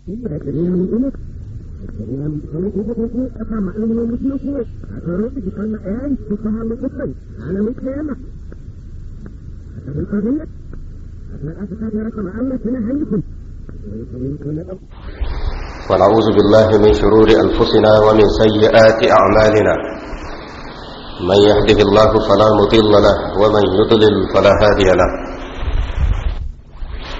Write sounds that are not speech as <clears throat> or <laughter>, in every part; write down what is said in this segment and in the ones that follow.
ونعوذ بالله من شرور أنفسنا ومن سيئات أعمالنا من يهده الله فلا مضل له ومن يضلل فلا هادي له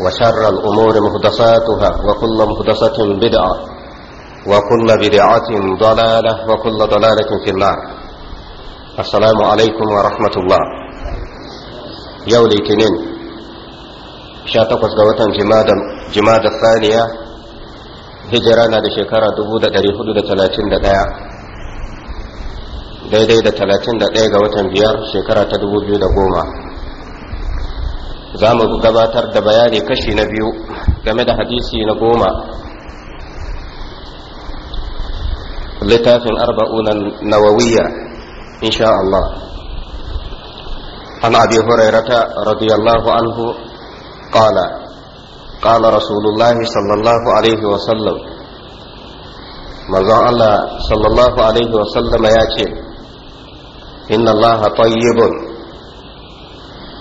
وشر الأمور مهدساتها وكل مهدسة بدعة وكل بدعة ضلالة وكل ضلالة في النار السلام عليكم ورحمة الله يوم الاثنين sha takwas ga watan jimada saniya hijira na da shekara 431 daidai da 31 ga watan biyar shekara ta 2010 za mu gabatar da bayani kashi na biyu game da hadisi na goma littafin arba'unan nawawiyya insha Allah an abi hurairata radiyallahu anhu qala qala rasulullahi sallallahu alaihi wa sallam manzon Allah sallallahu alaihi wa sallama ya ce inna Allah tayyibun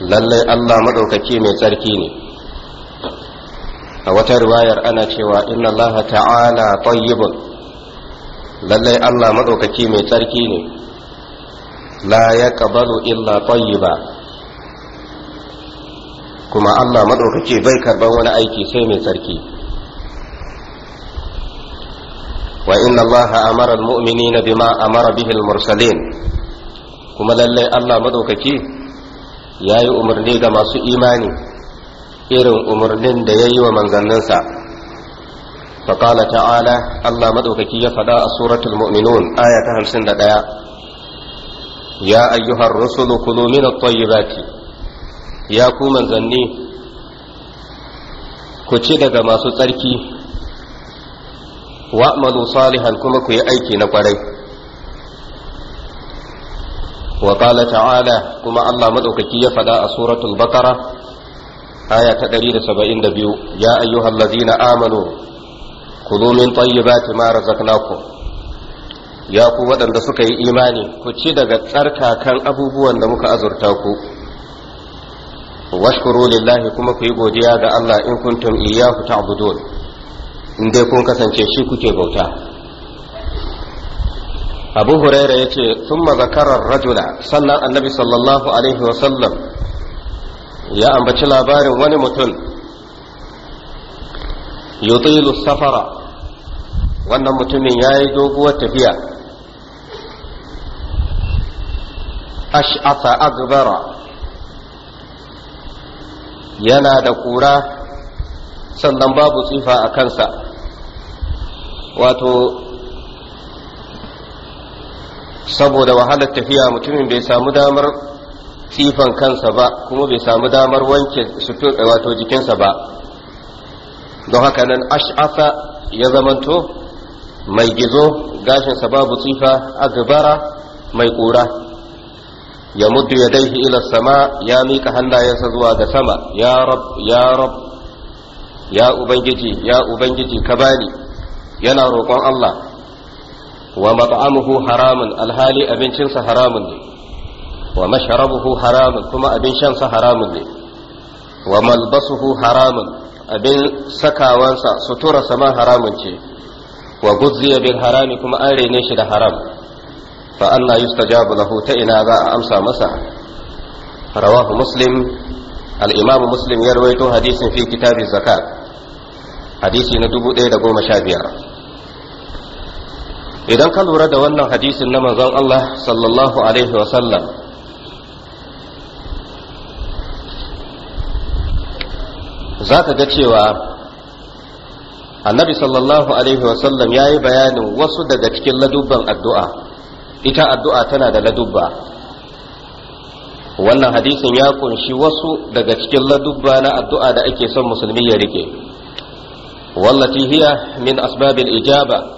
lallai Allah maɗaukaki mai tsarki ne a wata riwayar ana cewa inna Allah ta'ala tayyibun lallai Allah maɗaukaki mai tsarki ne la ya ƙabalu illa tayyiba kuma Allah maɗaukaki bai karɓar wani aiki sai mai tsarki wa inna Allah amara al-mu'minina bima amara bihi al-mursalin kuma lallai Allah maɗaukaki ya yi umarni ga masu imani irin umarnin da ya yi wa manzanninsa faƙala ta'ala allah maɗaukaki ya faɗa a suratul mu'minun aya ta hamsin da ɗaya ya ayyuhar rusulu kulu min at-tayyibati ya ku manzanni ku ci daga masu tsarki wa'malu salihan kuma ku yi aiki na kwarai wa qala ta'ala kuma Allah madaukaki ya fada a suratul Bakara, aya ta 172 ya ayyuhallazina amanu kulu min tayyibati ma razaqnakum ya ku waɗanda suka yi imani ku ci daga tsarkakan abubuwan da muka azurta ku washkuru lillahi kuma ku yi godiya ga Allah in kuntum iyyahu ta'budun in dai kun kasance shi kuke bauta abu huraira ya ce sun mazakarar rajula sannan annabi sallallahu alaihi wasallam ya ambaci labarin wani mutum yutilu safara wannan mutumin ya yi doguwar tafiya ash'asa agbara yana da kura sannan babu tsifa a kansa wato saboda wahalar tafiya mutumin bai samu damar sifan kansa ba kuma bai samu damar wanke sutur eh, wato jikinsa ba don haka nan ash'afa ya zamanto mai gizo gashinsa babu tsifa agbara mai ƙura ya muddu ya daihi ila sama ya miƙa hannayensa zuwa ga sama ya rab ya rab ya ubangiji ya ubangiji ka bani yana roƙon Allah wa mat'amuhu haramun alhali abincinsa haramun ne wa masharabuhu haramun kuma abin haramun ne wa malbasuhu haramun abin sakawansa sutura sama haramun ce wa guzziya bil harami kuma are ne shi da haram fa Allah yustajabu ta ina za a amsa masa rawahu muslim al-imam muslim ya rawaito hadisin fi kitabi zakat hadisi na dubu ɗaya da goma sha biyar. idan ka lura da wannan hadisin na manzon Allah sallallahu alaihi wasallam za ka ga cewa annabi sallallahu alaihi wasallam ya yi bayanin wasu daga cikin ladubban addu'a ita addu'a tana da ladubba wannan hadisin ya kunshi wasu daga cikin ladubba na addu'a da ake son musulmi ya rike wallati hiya min asbabil ijaba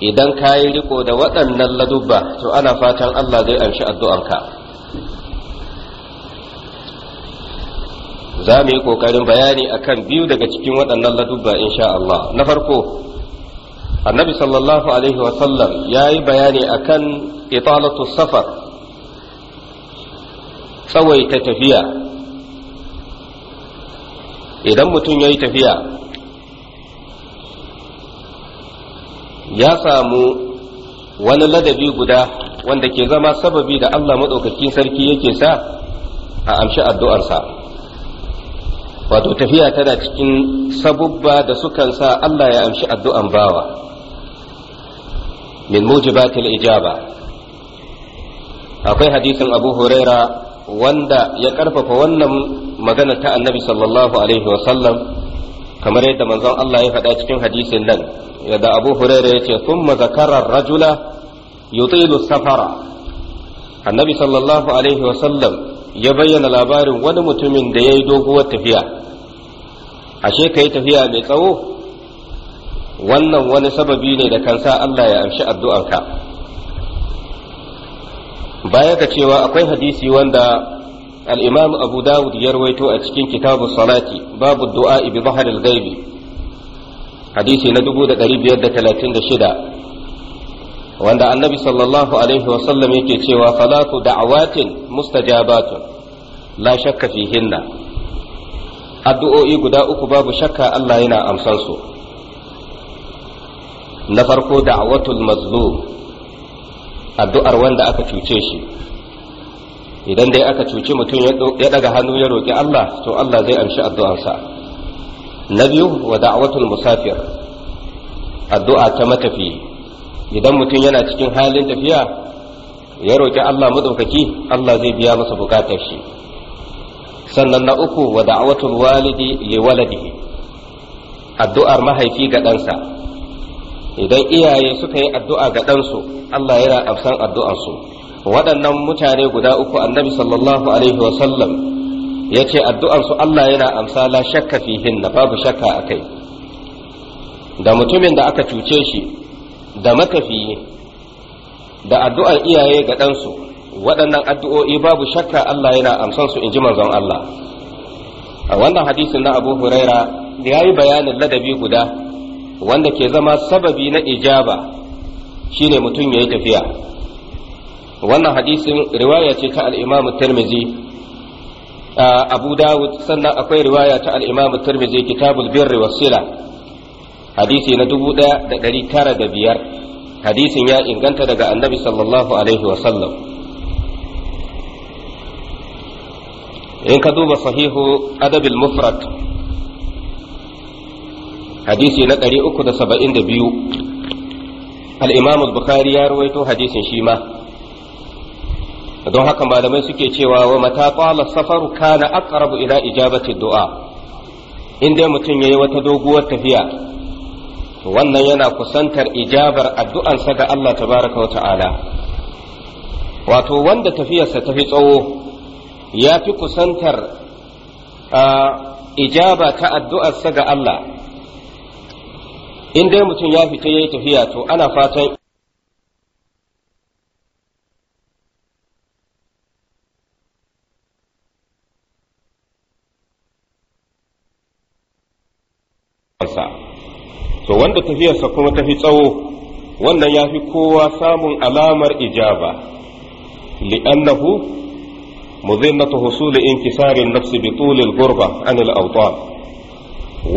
idan ka yi riko da waɗannan ladubba to ana fatan Allah zai amshi addu'anka za mu yi ƙoƙarin bayani akan biyu daga cikin waɗannan ladubba insha Allah na farko annabi sallallahu alaihi wasallam ya yi bayani akan italatu safar tsawaita tafiya idan mutum ya yi tafiya ya samu wani ladabi guda wanda ke zama sababi da Allah maɗaukakin sarki yake sa a amshi addu'arsa wato tafiya tana cikin sabubba da sukan sa Allah ya amshi addu'an bawa min mujibatil ijaba akwai hadisin abu huraira wanda ya ƙarfafa wannan magana ta annabi sallallahu alaihi wasallam kamar yadda manzon Allah ya faɗa cikin hadisin nan yadda Abu Hurairah ce thumma zakara rajula yutilu safara annabi sallallahu alaihi wa sallam ya bayyana labarin wani mutumin da ya yi doguwar tafiya ashe yi tafiya mai tsawo wannan wani sababi ne da kansa Allah ya amshi addu'arka baya ga cewa akwai hadisi wanda al-imam abu dawud ya rawaito a cikin kitabu salati babu du'a bi zahar al-ghaibi hadisi na 1536 wanda annabi sallallahu alaihi wa sallam yake cewa salatu da'awatin mustajabatun la shakka fihinna addu'o'i guda uku babu shakka Allah yana amsan su na farko da'watul mazlum addu'ar wanda aka cuce shi idan dai aka cuci mutum ya daga hannu ya roƙi Allah to Allah zai amshi addu'arsa na biyu wa da'watul musafir addu'a ta matafi idan mutum yana cikin halin tafiya ya roƙi Allah madaukaki Allah zai biya masa bukatar shi sannan na uku wa da'watul walidi li waladihi addu'ar mahaifi ga ɗansa idan iyaye suka yi addu'a ga ɗansu Allah yana amsan su waɗannan mutane guda uku annabi sallallahu alaihi wa sallam, ya ce addu'ansu Allah yana amsa la shakka fihin na babu shakka a kai da mutumin da aka cuce shi da matafiyi da addu'ar iyaye ga ɗansu waɗannan addu'o'i babu shakka Allah yana amsansu in ji manzon Allah a wannan hadisin na abu huraira ya yi bayanin ladabi guda wanda ke zama sababi na ijaba shine mutum ya yi tafiya wannan hadisin riwaya ce ta al-Imam Tirmidhi Abu Dawud sannan akwai riwaya ta al-Imam Tirmidhi Kitabul Birri was Sila hadisi na 1905 hadisin ya inganta daga Annabi sallallahu alaihi wa sallam in ka duba sahihu adabil mufrad hadisi na 372 al-Imam al-Bukhari ya ruwaito hadisin shi ma don haka malamai suke cewa wa mata kwala safaru kana aqrabu ila ijabati du'a in dai mutum yayi wata doguwar tafiya to wannan yana kusantar ijabar addu'ansa ga Allah tabaraka wa ta'ala wato wanda tafiyarsa tafi tsawo ya fi kusantar ijaba ta addu'arsa ga Allah in dai mutum ya fita yayi tafiya to ana fatan wanda tafiyarsa kuma tafi tsawo wannan ya fi kowa samun alamar ijaba li'annahu muzinnatu husuli inkisarin nafsi bi tulil gurba anil awtan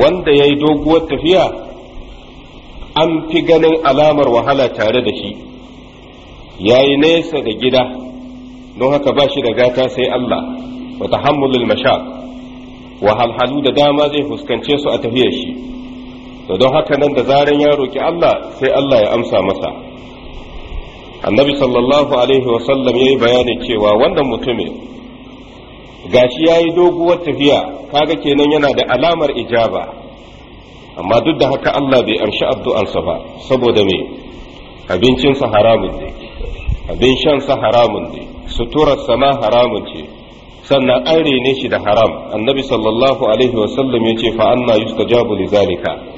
wanda yayi doguwar tafiya an fi ganin alamar wahala tare da shi yayi nesa da gida don haka ba shi da gata sai Allah wa tahammulul mashaq wahalhalu da dama zai fuskance su a tafiyar shi to don haka nan da zaran ya roki Allah sai Allah ya amsa masa annabi sallallahu alaihi wasallam ya yi bayani cewa wannan mutumin gashi ya yi doguwar tafiya kaga kenan yana da alamar ijaba amma duk da haka Allah bai amshi addu'arsa ba saboda me abincinsa haramun ne abin shansa haramun ne suturarsa ma haramun ce sannan an ne shi da haram annabi sallallahu alaihi wasallam ya ce fa anna yustajabu li zalika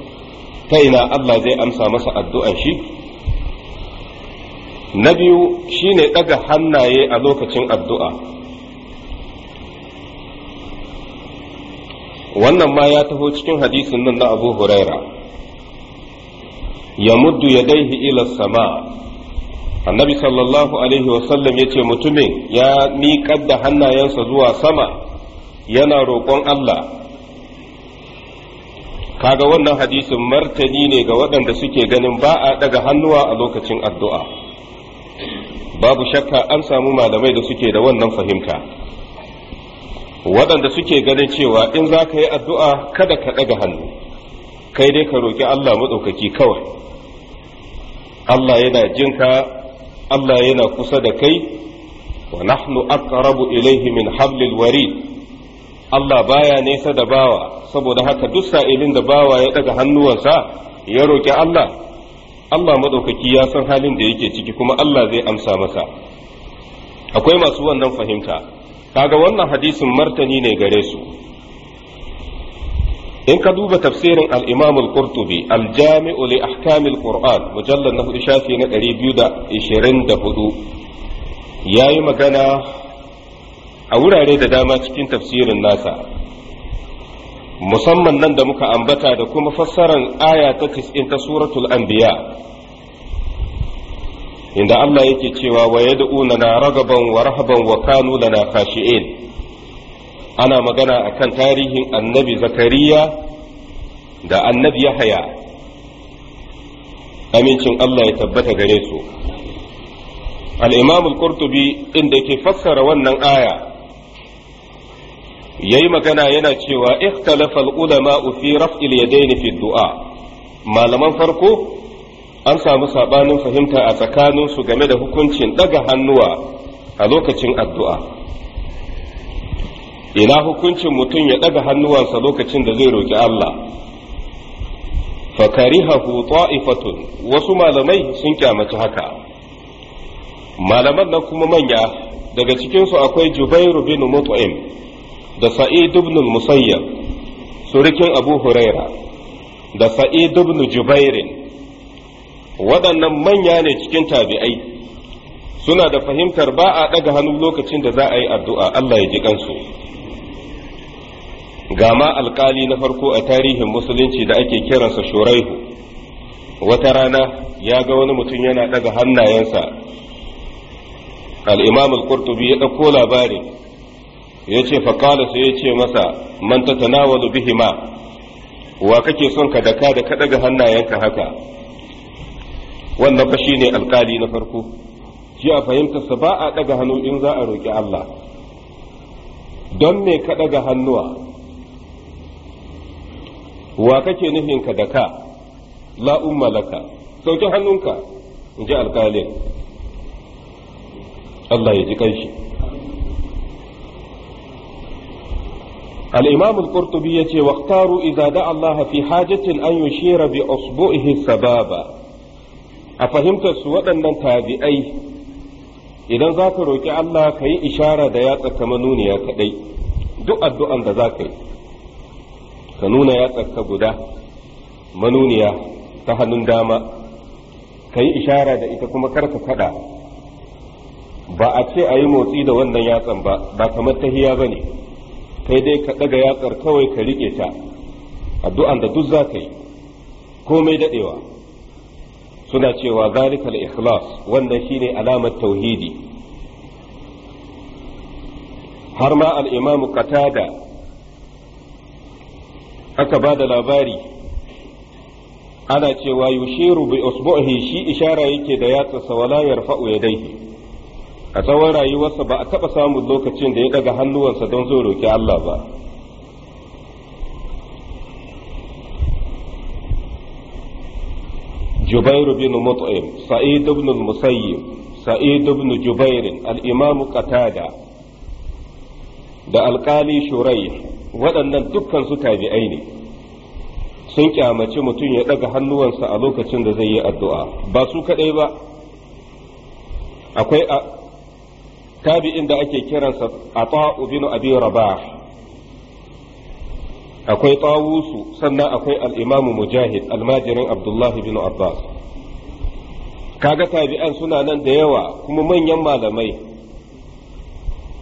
ta ina Allah zai amsa masa addu'an shi na biyu shine ɗaga hannaye a lokacin addu'a wannan ma ya taho cikin hadisin nan na abu huraira ya muddu ya daihi ila sama annabi sallallahu alaihi wasallam ya ce mutumin ya miƙar da hannayensa zuwa sama yana roƙon Allah kaga wannan hadisin martani ne ga waɗanda suke ganin ba a daga hannuwa a lokacin addu'a babu shakka an samu malamai da suke da wannan fahimta waɗanda suke ganin cewa in za ka yi addu'a kada ka ɗaga hannu kai dai ka roƙi Allah maɗaukaki kawai Allah yana jinka Allah yana kusa da kai wa nahnu aqrabu ilaihi min hablil warid Allah baya nesa da bawa saboda haka duk sa'ilin da bawa ya daga hannuwansa ya roƙi Allah Allah madaukaki ya san halin da yake ciki kuma Allah zai amsa masa akwai masu wannan fahimta kaga wannan hadisin martani ne gare su in ka duba tafsirin al-Imam al-Qurtubi al-Jami'u li ahkam al-Qur'an mujallad na shafi na 224 yayi magana a wurare da dama cikin tafsirin nasa musamman nan da muka ambata da kuma fassaran aya ta 90 ta suratul anbiya inda Allah yake cewa wa yad'una na ragaban wa rahaban wa kanu lana khashi'in ana magana akan tarihin annabi zakariya da annabi yahaya amincin Allah ya tabbata gare su al-imam al-qurtubi inda yake fassara wannan aya yayi magana yana cewa ikhtalafa ulama fi raf'il yadayn fi du'a malaman farko an samu sabanin fahimta a tsakanin su game da hukuncin daga hannuwa a lokacin addu'a ina hukuncin mutum ya daga hannuwansa lokacin da zai roki Allah fakarihahu ta'ifatun wasu malamai sun kyamaci haka malaman nan kuma manya daga cikinsu akwai jubairu bin mut'im da sa'id ibn musayyab surikin abu huraira da sa'id ibn jubairin waɗannan manya ne cikin tabi'ai suna da fahimtar ba a ɗaga hannu lokacin da za a yi addu'a Allah ya ji kansu ga ma alkali na farko a tarihin musulunci da ake kiransa shuraihu wata rana ya ga wani mutum yana ɗaga hannayensa al'imam al-qurtubi ya ɗauko labarin Yace ce fakala sai ya ce masa man ta tanawalu bihima wa kake son ka daka da ka daga hannayenka haka wannan fa shine alkali na farko shi a fahimtarsa ba a daga hannu in za a roƙi Allah don me ka daga hannuwa wa kake nufin ka daka la umma sauke hannunka in ji alkalin Allah ya ji kanshi الإمام القرطبي يتي واختاروا إذا دعا الله في حاجة أن يشير بأصبعه السبابة أفهمت سوى أن تابعي idan za ka roƙi Allah ka yi ishara da yatsa ka manuniya kaɗai duk addu'an da za ka yi ka nuna guda manuniya ta hannun dama ka yi ishara da ita kuma kar ka kaɗa ba a ce a yi motsi da wannan yatsan ba ba kamar tahiya ba ne kai dai ka ɗaga yatsar kawai ka riƙe ta addu'an da duk za ka yi komai daɗewa suna cewa zalikal ikhlas wannan shine alamar tauhidi har ma al'imamu katada aka ba da labari ana cewa yushiru bi usbu'ihi shi ishara yake da yatsarsa wala yarfa'u yadayhi a tsawon rayuwarsa ba a taɓa samun lokacin da ya ɗaga hannuwansa don zo roki Allah ba جبير بن مطعم سعيد بن المسيب سعيد بن جبير الإمام قتادة da alkali shurai waɗannan dukkan su tabi'ai ne sun kyamaci mutum ya ɗaga hannuwansa a lokacin da zai yi addu'a ba su kaɗai ba akwai tabi'in da ake kiransa a ta'u binu abi rabah akwai tawusu sannan akwai al-imam mujahid almajirin abdullahi bin abbas kaga tabi'an suna nan da yawa kuma manyan malamai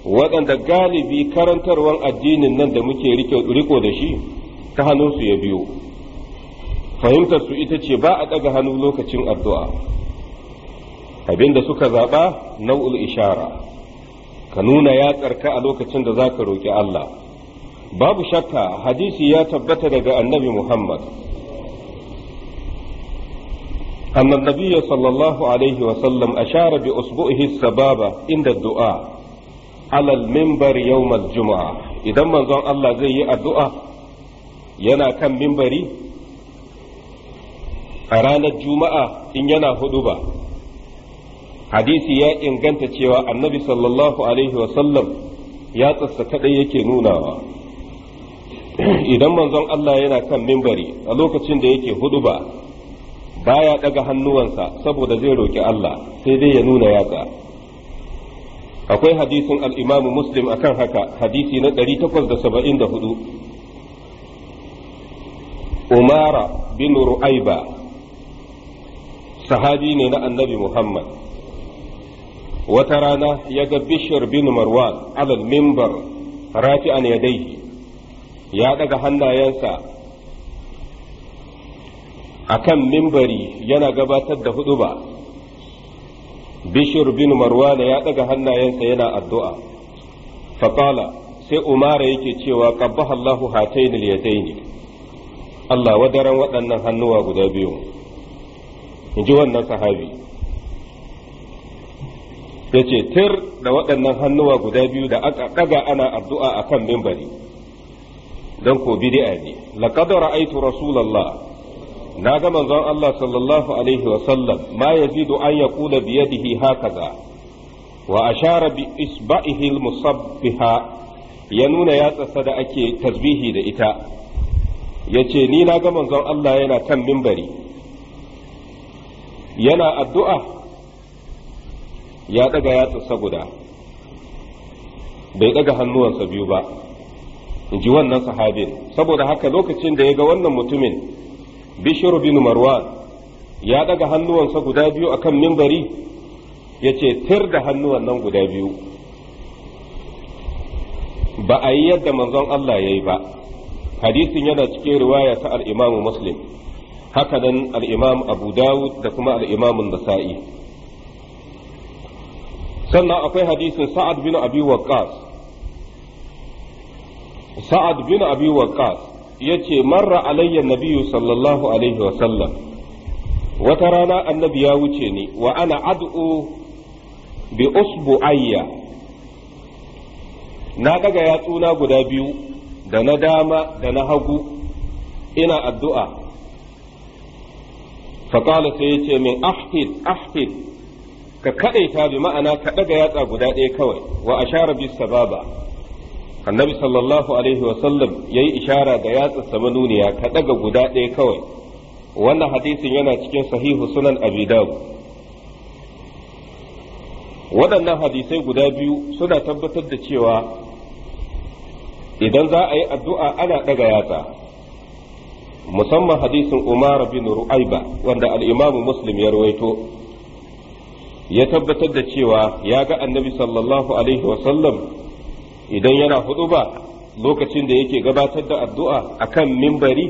waɗanda galibi karantarwar addinin nan da muke riko da shi ta hannunsu ya biyo fahimtar su ita ce ba a ɗaga hannu lokacin addu'a abinda suka zaɓa nau'ul ishara ka nuna ya tsarka a lokacin da za ka roƙi Allah babu shakka hadisi ya tabbata daga annabi Muhammad أن النبي صلى الله عليه وسلم أشار بأصبعه السبابة عند الدعاء على المنبر يوم الجمعة إذا من ظن الله زي الدعاء ينا كم منبري أرانا الجمعة إن ينا هدوبا hadisi ya inganta cewa annabi sallallahu alaihi wasallam ya tsatsa kadai yake nunawa <clears throat> idan manzon Allah yana kan mimbari a lokacin da yake huduba baya daga hannuwansa saboda zai roki Allah sai dai ya nuna yatsa akwai hadisin al-Imam Muslim akan haka hadisi na 874 Umara bin Ru'aiba sahabi ne na Annabi Muhammad wata rana ya ga bishir bin marwan alal mimbar rafi'an yadai ya daga hannayensa akan mimbari yana gabatar da huduba bishir bin marwan ya daga hannayensa yana addu'a Fatala sai umara yake cewa qabbaha Allahu hatainil yadaini Allah wadaran waɗannan hannuwa guda biyu in ji wannan sahabi ya ce tir da waɗannan hannuwa guda biyu da aka ɗaga ana addu'a a kan mimbari don ko bidi'a ne laƙadar aitu rasulallah na ga manzon Allah sallallahu alaihi wa sallam ma yazidu an yaqula bi haka hakaza wa ashara bi isba'ihi al-musabbiha ya nuna tsasa da ake tasbihi da ita yace ni na ga manzon Allah yana kan mimbari yana addu'a ya ɗaga yatsa guda bai daga hannuwansa biyu ba in ji wannan sahabin saboda haka lokacin da ya ga wannan mutumin bishir bin marwan ya ɗaga hannuwansa guda biyu kan mimbari ya ce tir da hannuwan nan guda biyu ba a yi yadda manzon Allah ya yi ba hadisin yana cikin riwaya ta al'imamu muslim haka nan al'imam abu dawud da kuma al'imamun nasa'i sannan akwai hadisin sa'ad bin abi waqqas sa'ad bin abi waqqas yace marra alayya nabiyyu sallallahu alaihi wa sallam wata rana annabi ya wuce ni wa ana ad'u bi usbu'ayya na daga yatsuna guda biyu da na dama da na hagu ina addu'a faƙala sai ya ce min ahid ahid ka ta bi ma'ana ka daga yatsa guda ɗaya kawai wa ashara bi sababa annabi sallallahu alaihi wa sallam yayi ishara da yatsa samanuniya ka daga guda ɗaya kawai wannan hadisin yana cikin sahihu sunan abi dawud waɗannan hadisai guda biyu suna tabbatar da cewa idan za a yi addu'a ana ɗaga yatsa musamman hadisin umar bin ru'aiba wanda al'imamu muslim ya rawaito ya tabbatar da cewa ya ga annabi sallallahu alaihi wasallam idan yana ba lokacin da yake gabatar da addu'a akan mimbari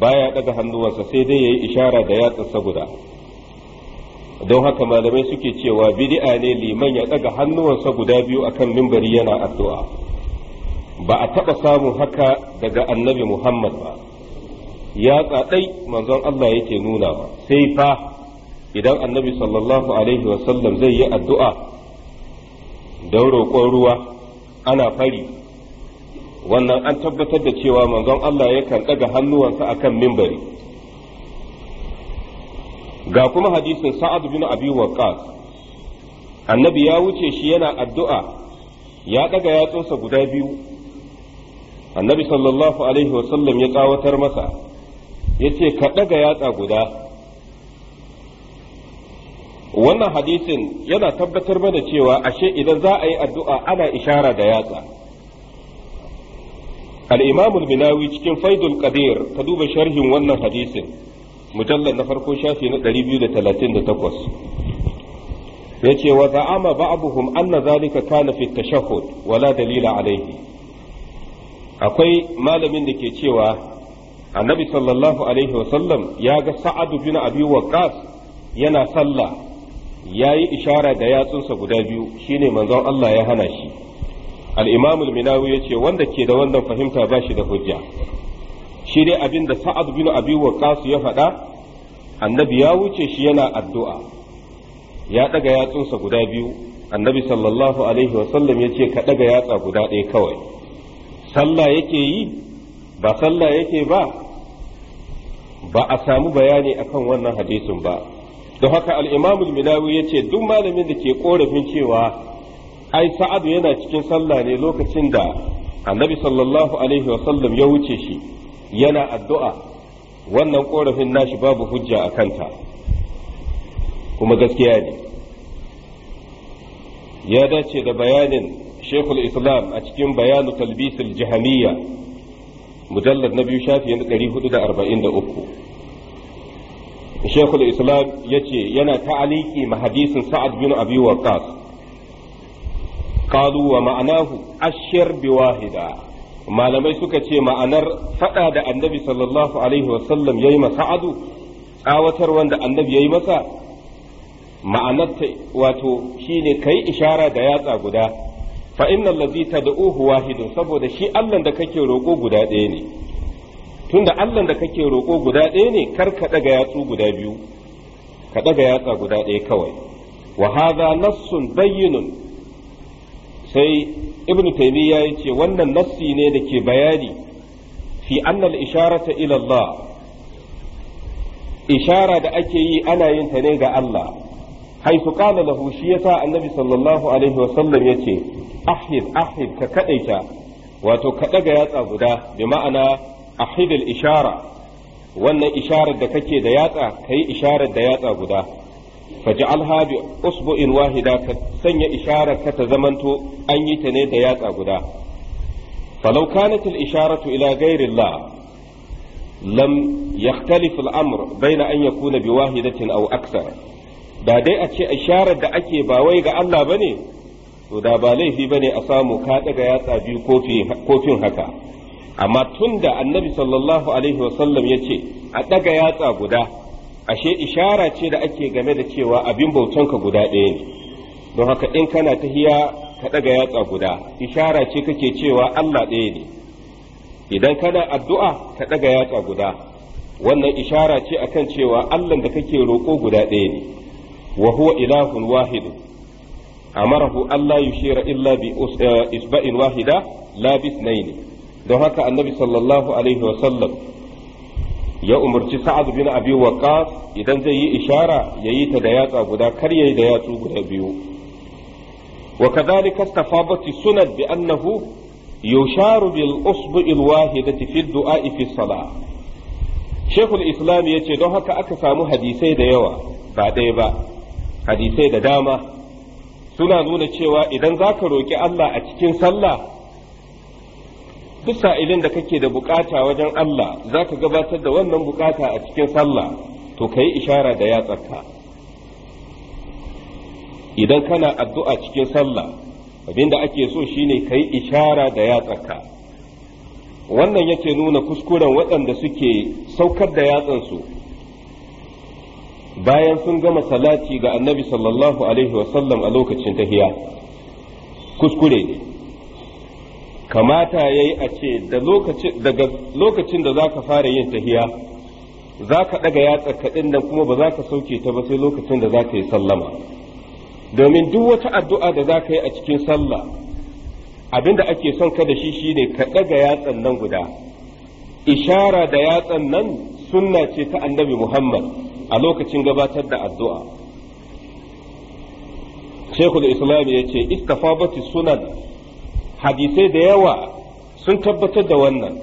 baya daga hannuwansa sai dai ya yi ishara da yatsa guda don haka malamai suke cewa bidi'a ne liman ya daga hannuwansa guda biyu akan mimbari yana addu'a ba a taɓa samun haka daga annabi muhammad ba ya ɗai manzon allah yake nuna ba sai fa idan annabi sallallahu alaihi wasallam zai yi addu'a don roƙon ruwa ana fari wannan an tabbatar da cewa manzon Allah yakan ɗaga hannuwansa a kan mimbari ga kuma hadisin sa'ad bin abi waqqas annabi ya wuce shi yana addu'a ya ɗaga yatsunsa guda biyu annabi sallallahu alaihi wasallam ya tsawatar masa ya ce ka ɗaga yatsa guda wannan hadisin yana tabbatar mana cewa ashe idan za a yi addu'a ana ishara da yatsa alimamul binawi cikin faidul qadir ta duba sharhin wannan hadisin mujallar na farko shafi na 238 ce wa za'ama ba'dhum anna zalika kana fi tashahhud wala dalila alayhi akwai malamin da ke cewa annabi sallallahu alaihi wasallam ya ga Sa'adu bin abi waqas yana sallah ya yi ishara da yatsunsa guda biyu shine manzon Allah ya hana shi al-imam al-minawi yace wanda ke da wannan fahimta ba shi da hujja shi dai abin da sa'ad bin abi waqas ya faɗa annabi ya wuce shi yana addu'a ya ɗaga yatsunsa guda biyu annabi sallallahu alaihi wasallam yace ka ɗaga yatsa guda ɗaya kawai sallah yake yi ba sallah yake ba ba a samu bayani akan wannan hadisin ba da haka al-imam ya ce duk malamin da ke korafin cewa ai sa'adu yana cikin sallah ne lokacin da annabi sallallahu alaihi ya wuce shi yana addu'a wannan korafin nashi babu hujja a kanta kuma gaskiya ne ya dace da bayanin shekul islam a cikin bayanu talbisul jahamiyya mujallar na biyu shafi na 443 shekul islam ya ce yana ta'aliki ma hadisin sa'ad bin abi waqas qalu wa ma'anahu ashir bi wahida malamai suka ce ma'anar fada da annabi sallallahu alaihi wa sallam yayi ma sa'adu tsawatar wanda annabi yayi masa ma'anar wato shine kai ishara da yatsa guda fa innal ladhi tad'uhu wahidun saboda shi Allah da kake roko guda ɗaya ne tunda Allah da kake roƙo guda ɗaya ne kar ka ɗaga yatsu guda biyu ka ɗaga yatsa guda ɗaya kawai wa hadha nassun bayyinun sai ibnu taymiya yace wannan nassi ne da ke bayani fi annal isharata ila Allah ishara da ake yi ana yin ta ne ga Allah haifu qala lahu shi yasa annabi sallallahu alaihi wa sallam yace ahid ahid ka kadaita wato ka ɗaga yatsa guda bi ma'ana ahidil ishara wannan isharar da kake da yatsa kai isharar da yatsa guda faj'alha bi usbu'in wahida ka sanya isharar ka ta zamanto an yi ta ne da yatsa guda falau kanat al-isharatu ila ghayri Allah lam yakhtalifu al-amr baina an yakuna bi wahidatin aw akthar da dai a ce isharar da ake ba wai ga Allah bane to da ba laifi bane a samu ka daga yatsa biyu kofin haka amma tun da annabi sallallahu alaihi wasallam ya ce a ɗaga yatsa guda ashe ishara ce da ake game da cewa abin bautanka guda ɗaya ne don haka in kana tahiya ka ɗaga yatsa guda ishara ce kake cewa Allah ɗaya ne idan kana addu'a ka ɗaga yatsa guda wannan ishara ce akan cewa Allah da kake roƙo guda ɗaya ne wa huwa ilahun wahidu amarahu Allah yushira illa bi eh, isba'in wahida la bisnaini don haka annabi sallallahu alaihi wasallam ya umarci sa'ad bin abi waqas idan zai yi ishara ya yi ta da yatsa guda kar yayi da yatsu guda biyu wa kadhalika istafabati sunan bi annahu yusharu bil usbu'i al wahidati fi du'a fi salah shaykhul islam yace don haka aka samu hadisai da yawa ba ɗaya ba hadisai da dama suna nuna cewa idan zaka roki Allah a cikin sallah duk sa'ilin da kake da bukata wajen Allah za ka gabatar da wannan bukata a cikin sallah to ka yi ishara da yatsarka idan kana addu'a cikin sallah abinda ake so shine ka yi ishara da yatsarka wannan yake nuna kuskuren waɗanda suke saukar da yatsansu bayan sun gama salati ga annabi sallallahu alaihi wasallam a lokacin tahiya kuskure ne kamata ya yi a ce daga lokacin da za ka fara yin tahiya za ka ɗaga yatsa kaɗin nan kuma ba za ka sauke ta ba sai lokacin da za ka yi sallama domin duk wata addu'a da za ka yi a cikin sallah abinda ake son ka da shi shine ka ɗaga yatsan nan guda ishara da yatsan nan sunna ce ta annabi muhammad a lokacin gabatar da addu'a shekul islam ya ce istafabati sunan hadisai da yawa sun tabbatar da wannan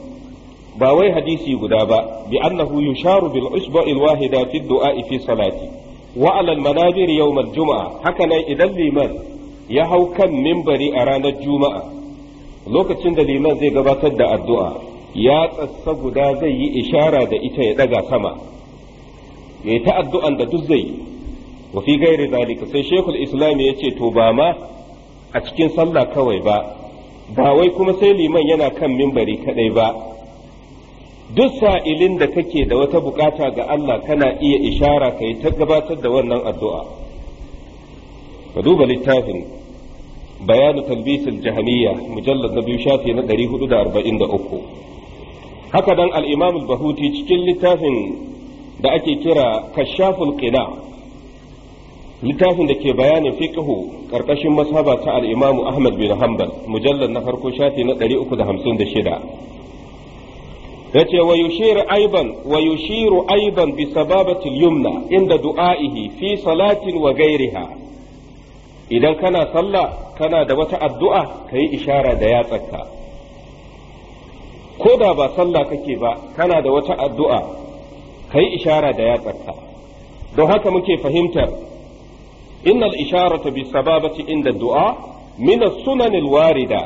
ba wai hadisi guda ba bi annahu yusharu bil usba'il wahida du'a fi salati wa ala al manabir yawm al juma'a haka nan idan liman ya hau kan minbari a ranar juma'a lokacin da liman zai gabatar da addu'a ya tsatsa guda zai yi ishara da ita ya daga sama yayi ta addu'an da duk zai wa fi gairi zalika sai shekul islam ya ce to ba ma a cikin sallah kawai ba ba wai kuma sai liman yana kan mimbari kadai ba duk sa'ilin da kake da wata bukata ga Allah kana iya ishara ka yi ta gabatar da wannan addu'a ka duba littafin bayanu talbitul jahaniya mujallar na biyu shafi na 443 haka dan al-imam al-bahuti cikin littafin da ake kira kashaful qina' littafin da ke bayanin fiqhu karkashin mashaba ta al-Imam Ahmad bin Hanbal mujallal na farko shafi na 356 yace wa yushiru aiban wa yushiru aiban bi sababati al-yumna inda du'a'ihi fi salatin wa idan kana sallah kana da wata addu'a kai ishara da yatsanka ko da ba sallah kake ba kana da wata addu'a kai ishara da yatsanka don haka muke fahimtar إن الإشارة بالسبابة inda du'a, من السنن الواردة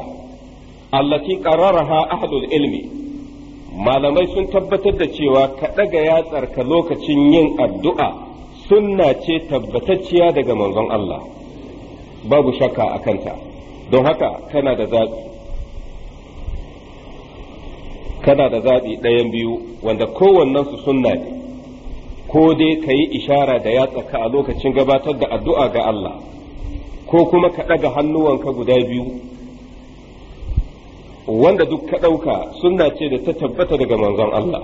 التي قررها أحد العلم malamai sun tabbatar da cewa ka ɗaga yatsarka lokacin yin addu'a sunna ce tabbatacciya daga manzon Allah babu shakka a kanta don haka kana da zaɓi kana da zaɓi ɗayan biyu wanda kowannensu sunna ne ko dai ka yi ishara da yatsaka a lokacin gabatar da addu'a ga Allah ko kuma ka ɗaga hannuwanka guda biyu wanda duk ka ɗauka suna ce da ta tabbata daga manzon Allah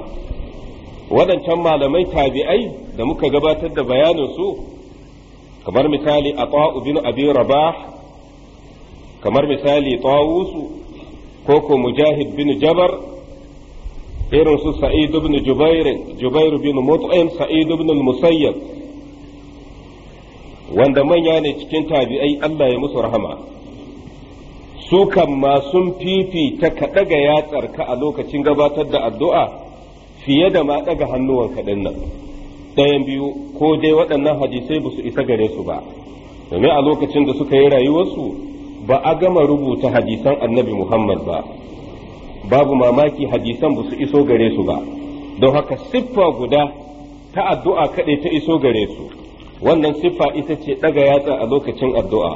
waɗancan malamai tabi'ai da muka gabatar da bayaninsu kamar misali a bin abin Raba, kamar misali tawusu ko ko mujahid bin jabar irin su sa'id ibn jubair jubair bin mut'im sa'id ibn musayyab wanda manya ne cikin tabi'ai Allah ya musu rahama su kan ma sun fifita ka ya yatsarka a lokacin gabatar da addu'a fiye da ma daga hannuwan kaɗan nan ɗayan biyu ko dai waɗannan hadisai ba su isa gare su ba domin a lokacin da suka yi rayuwarsu ba a gama rubuta hadisan annabi muhammad ba babu mamaki hadisan ba su iso gare su ba don haka siffa guda ta addu'a kaɗai ta iso gare su wannan siffa ita ce ɗaga yatsa a lokacin addu'a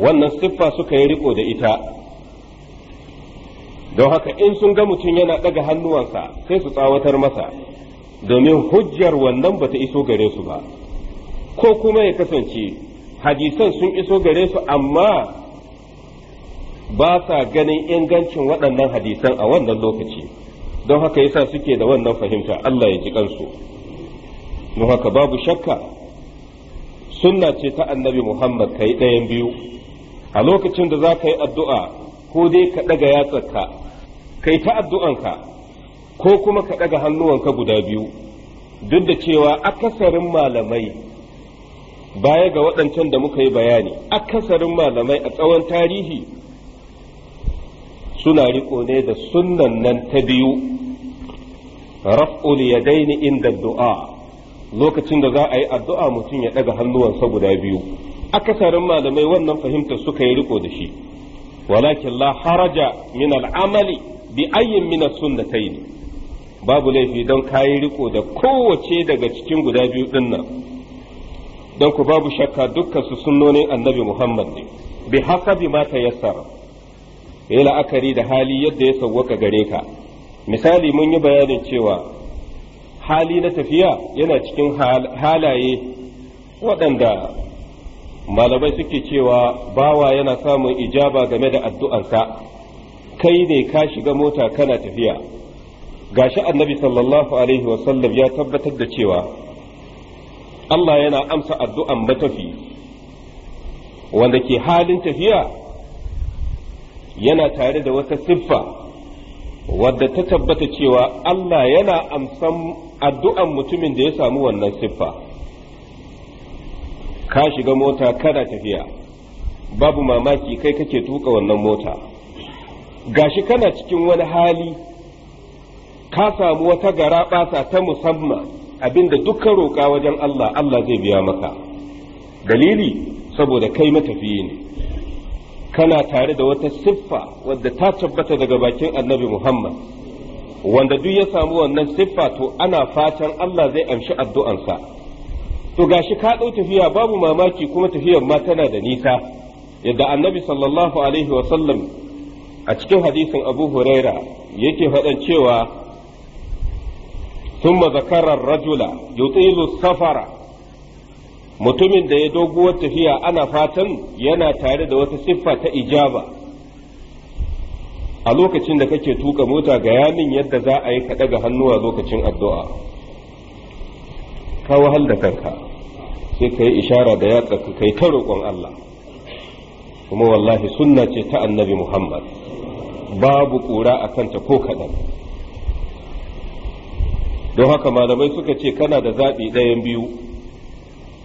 wannan siffa suka yi riko da ita don haka in sun ga mutum yana ɗaga hannuwansa sai su tsawatar masa domin hujjar wannan ba ta iso gare su ba ko kuma ya kasance hadisan sun iso gare su amma ba sa ganin ingancin waɗannan hadisan a wannan lokaci don haka yasa suke da wannan fahimta Allah ya ji kansu don haka babu shakka sunna ce ta annabi Muhammad kai ɗayan biyu a lokacin da za ka yi addu'a ko dai ka ɗaga yatsarka kai ta addu'an ka ko kuma ka ɗaga hannuwanka guda biyu duk da cewa akasarin malamai baya ga waɗancan da muka yi bayani akasarin malamai a tsawon tarihi suna riko ne da sunnan nan ta biyu raf'ul yadaini inda du'a lokacin da za a yi addu'a mutum ya daga hannuwansa guda biyu akasarin malamai wannan fahimtar suka yi riko da shi walakin la haraja min al'amali bi ayyin min as-sunnatayn babu laifi don kayi riko da kowace daga cikin guda biyu dinnan don ku babu shakka dukkan su sunnonin annabi Muhammad ne bi hasabi ma tayassara yi la'akari da hali yadda ya sawwaka gare ka misali mun yi bayanin cewa hali na tafiya yana cikin halaye waɗanda malamai suke cewa bawa yana samun ijaba game da addu'ansa kai ne ka shiga mota kana tafiya gashi annabi sallallahu alaihi wasallam ya tabbatar da cewa Allah yana amsa addu'an matafi wanda ke halin tafiya yana tare da wata siffa wadda ta tabbata cewa Allah yana amsan addu'an mutumin da ya samu wannan siffa ka shiga mota kana tafiya babu mamaki kai kake tuka wannan mota Ga gashi kana cikin wani hali ka samu wata gara ɓasa ta musamman abinda dukkan roƙa wajen Allah Allah zai biya maka dalili saboda kai matafiye ne kana tare da wata siffa wadda ta tabbata daga bakin annabi Muhammad wanda duk ya samu wannan siffa to ana fatan Allah zai amshi addu'ansa to gashi ka ɗau tafiya babu mamaki kuma tafiyar ma tana da nisa yadda annabi sallallahu alaihi sallam a cikin hadisin abu huraira yake faɗan cewa ثم ذكر الرجل يطيل السفر mutumin da ya doguwar tafiya ana fatan yana tare da wata siffa ta ijaba a lokacin da kake tuka mota ga yamin yadda za a yi ka daga hannuwa lokacin addu'a ka wahal da kanka sai ka yi ishara da yatsa ka kai ta roƙon Allah kuma wallahi sunna ce ta annabi Muhammad babu ƙura a kanta ko kaɗan don haka malamai suka ce kana da zaɓi ɗayan biyu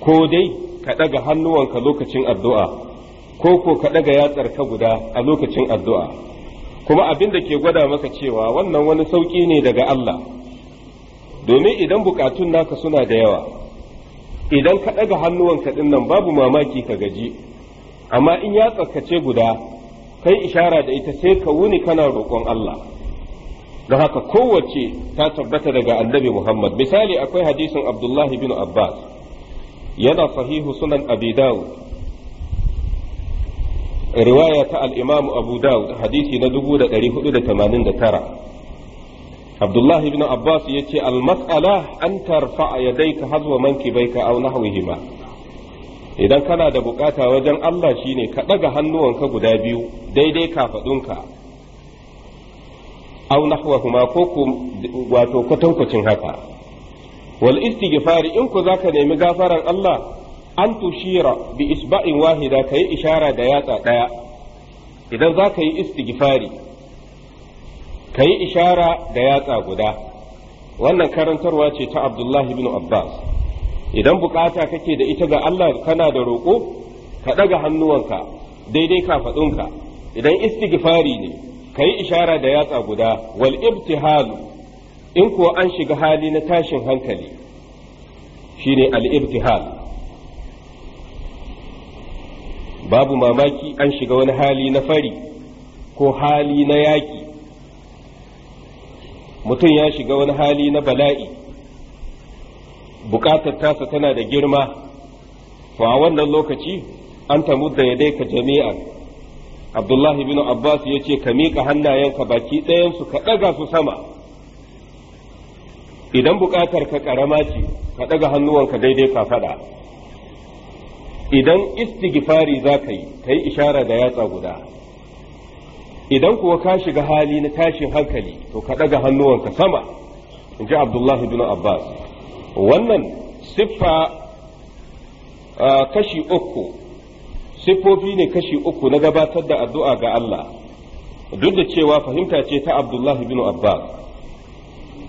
ko dai ka ɗaga hannuwanka lokacin addu'a ko ko ka ɗaga yatsar ka guda a lokacin addu'a kuma abin da ke gwada maka cewa wannan wani sauƙi ne daga Allah domin idan bukatun naka suna da yawa idan ka ɗaga hannuwanka ɗin nan babu mamaki ka gaji amma in ya tsarkace guda kai ishara da ita sai ka wuni kana roƙon Allah da haka kowace ta tabbata daga annabi Muhammad misali akwai hadisin Abdullahi bin Abbas yana sahihu sunan abi dawud riwaya ta al-imamu abu dawud hadisi na 1489 Abdullahi ibn Abbas ya ce almas'ala an tarfa a yadaika hazwa manki baika au nahwihima idan kana da bukata wajen Allah shine ka ɗaga hannuwanka guda biyu daidai kafaɗunka au nahwahuma ko ku wato kwatankwacin haka wal istighfari in ku zaka nemi gafaran Allah an tushira bi isba'in wahida kai ishara da yatsa daya idan zaka yi istighfari kai ishara da yatsa guda wannan karantarwa ce ta Abdullah ibn Abbas idan bukata kake da ita ga Allah kana da roƙo ka daga hannuwanka daidai ka kafadunka idan istighfari ne kai ishara da yatsa guda wal ibtihalu in kuwa an shiga hali na tashin hankali shine al-ibtihal babu mamaki an shiga wani hali na fari ko hali na yaƙi mutum ya shiga wani hali na bala'i Buƙatar tasa tana da girma to a wannan lokaci an da ya daika jami'an abdullahi bin abbas ya ce ka miƙa hannayenka baki ɗayansu ka ɗaga su sama idan buƙatar ka ƙarama ce ka ɗaga hannuwanka daidai ka faɗa idan istighfari za ka yi ka yi ishara da yatsa guda idan kuwa ka shiga hali na tashin hankali to ka ɗaga hannuwanka sama in ji abdullahi bin abbas wannan siffa kashi uku siffofi ne kashi uku na gabatar da addu'a ga Allah duk da cewa fahimta ce ta abdullahi bin abbas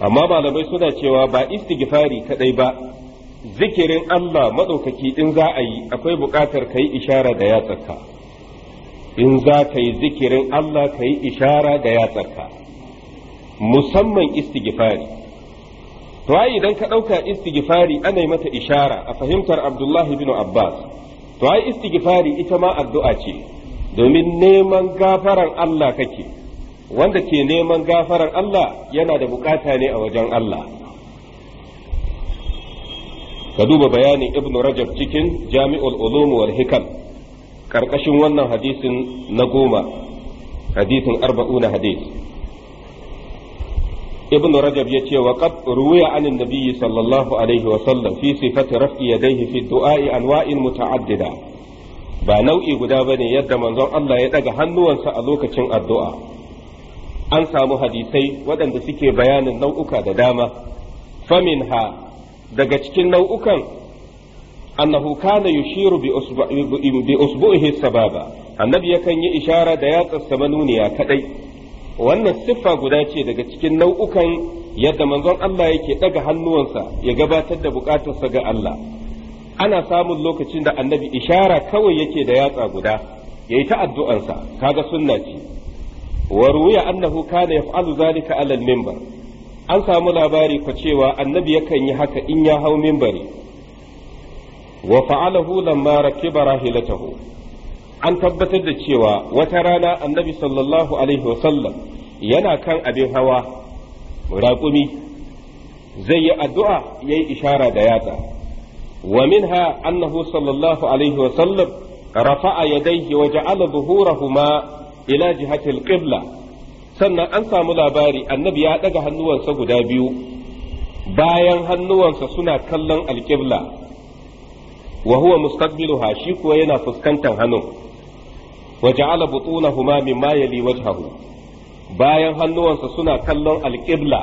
amma malamai suna cewa ba istighfari kadai ba zikirin Allah maɗaukaki in za a yi akwai buƙatar ka yi ishara da yatsarka in za ka yi zikirin Allah ka yi ishara da yatsarka musamman istighfari to ai idan ka ɗauka istighfari ana yi mata ishara a fahimtar Abdullahi bin Abbas to ai istighfari ita ma addu'a ce domin neman gafaran Allah kake wanda ke neman gafarar Allah yana da bukata ne a wajen Allah ka duba bayanin ibn rajab cikin jami'ul ulum wal hikam karkashin wannan hadisin na goma hadisin arba'una hadis ibn rajab ya ce wa qad ruwiya anin nabiyyi sallallahu alaihi wa sallam fi sifati raf'i yadayhi fi du'a'i anwa'in muta'addida ba nau'i guda ba ne yadda manzon Allah ya ɗaga hannuwansa a lokacin addu'a an samu hadisai waɗanda suke bayanin nau'uka da dama faminha daga cikin nau'ukan annahu kana yushiru bi usbu'ihi sababa annabi yakan yi ishara da yatsarsa manuniya kadai wannan siffa guda ce daga cikin nau'ukan yadda manzon Allah yake daga hannuwansa ya gabatar da bukatarsa ga Allah ana samun lokacin da annabi ishara kawai yake da yatsa guda yayi ta addu'ansa kaga sunna ce wa ruwiya annahu kana yaf'alu zalika alal minbar an samu labari ku cewa annabi yakan yi haka in ya hau minbari wa fa'alahu lamma rakiba rahilatahu an tabbatar da cewa wata rana annabi sallallahu alaihi wasallam yana kan abin hawa raƙumi zai yi addu'a ya yi ishara da yatsa wa min ha annahu sallallahu alaihi wasallam rafa'a yadayhi wa ja'ala zuhurahuma ila jihatil qibla sannan an samu labari annabi ya daga hannuwansa guda biyu bayan hannuwansa suna kallon alqibla wa huwa mustaqbiluha shi kuwa yana fuskantar hannun wa ja'ala butunahuma mimma yali wajhahu bayan hannuwansa suna kallon alqibla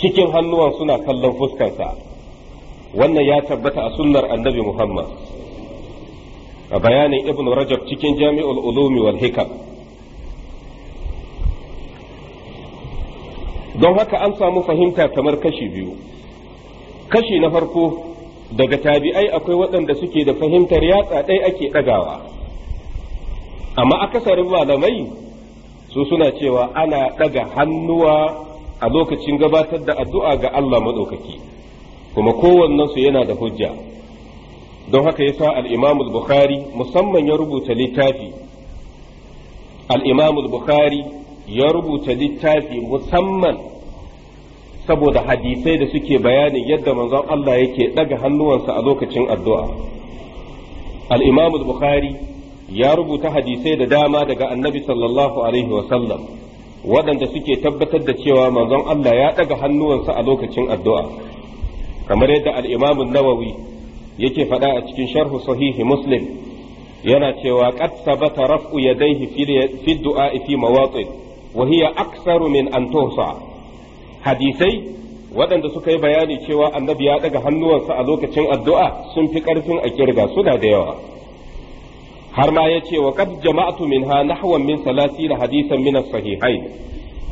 cikin hannuwan suna kallon fuskarsa wannan ya tabbata a sunnar annabi Muhammad a bayanin ibn rajab cikin jami'ul ulumi don haka an samu fahimta kamar kashi biyu kashi na farko daga tabi'ai akwai waɗanda suke da fahimtar yatsa ɗaya ake ɗagawa amma akasarin malamai su suna cewa ana ɗaga hannuwa a lokacin gabatar da addu'a ga Allah maɗaukaki kuma kowannensu yana da hujja don haka ya sa imam bukhari musamman ya rubuta littafi al bukhari ya rubuta littafi musamman saboda hadisai da suke bayanin yadda manzon Allah yake ɗaga hannuwansa a lokacin addu'a al bukhari ya rubuta hadisai da dama daga annabi sallallahu alaihi wasallam waɗanda suke tabbatar da cewa manzon Allah ya ɗaga hannuwansa a lokacin addu'a kamar yadda al'imamin nawawi yake faɗa a cikin sharhu sahihi muslim yana cewa qad sabata raf'u yadayhi fi du'a fi mawaqit wa hiya aktsaru min an hadisai waɗanda suka yi bayani cewa annabi ya daga hannuwansa a lokacin addu'a sun fi ƙarfin a kirga suna da yawa har ma ya ce wa qad jama'atu minha nahwan min 30 hadisan min as-sahihain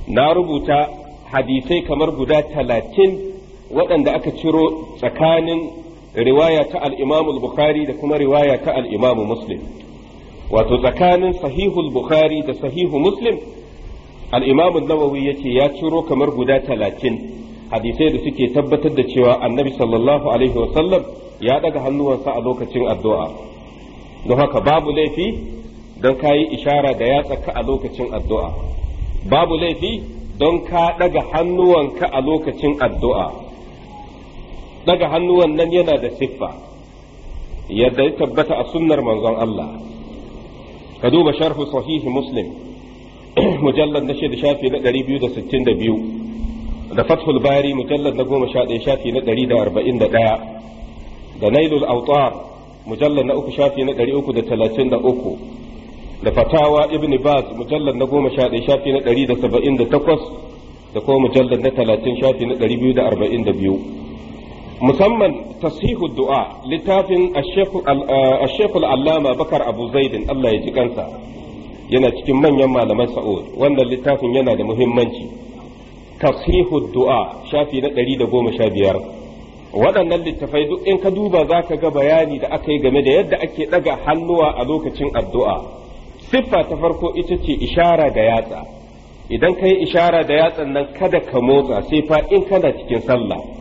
na rubuta hadisai kamar guda 30 waɗanda aka ciro tsakanin riwaya ta al'imamul bukhari da kuma riwaya ta al Muslim wato tsakanin sahihul Bukhari da sahihu Muslim al-Imam ya ce yace ya ciro kamar guda talatin, hadisai da suke tabbatar da cewa Annabi sallallahu alaihi wasallam ya daga hannuwansa a lokacin addu'a don haka babu laifi don ka yi ishara da tsaka a lokacin addu'a babu laifi don ka daga hannuwanka a lokacin addu'a daga hannuwan nan yana da siffa yadda ya tabbata a sunnar manzon Allah ka duba sharhu sahihi muslim <clears throat> Mujallar na shida shafi na 262 da fathul bari Mujallar na goma sha ɗaya shafi na 141 da nailul autar Mujallar na uku shafi na 333 da fatawa ibn baz Mujallar na goma sha ɗaya shafi na 178 da kuma Mujallar na 30 shafi na 242 musamman tasihu du'a littafin ashekul uh, allama bakar abu zaidin Allah ya ji kansa yana cikin manyan malaman sa'ud wannan littafin yana da muhimmanci tasihu du'a shafi na 115 waɗannan littafai duk in ka duba za ka ga bayani da aka yi game da yadda ake ɗaga hannuwa a lokacin addu'a siffa ta farko ita ce ishara da yatsa idan ka yi ishara da yatsan nan kada ka motsa sai fa in kana cikin sallah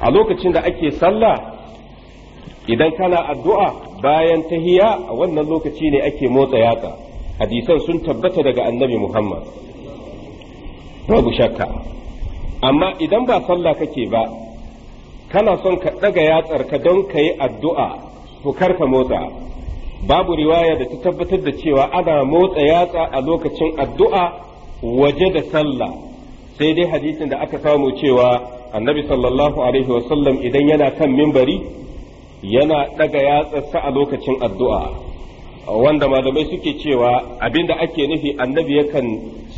a lokacin da ake sallah idan kana addu'a bayan tahiya a wannan lokaci ne ake motsa yatsa hadisan sun tabbata daga annabi muhammad babu shakka amma idan ba sallah kake ba kana son ka ɗaga yatsar ka don ka yi addu'a to karka motsa babu riwaya da ta tabbatar da cewa ana motsa yatsa a lokacin addu'a waje da sallah sai dai hadisin da aka samu cewa annabi sallallahu alaihi wasallam idan yana kan mimbari yana ɗaga yatsarsa a lokacin addu'a wanda malamai suke cewa abinda ake nufi annabi yakan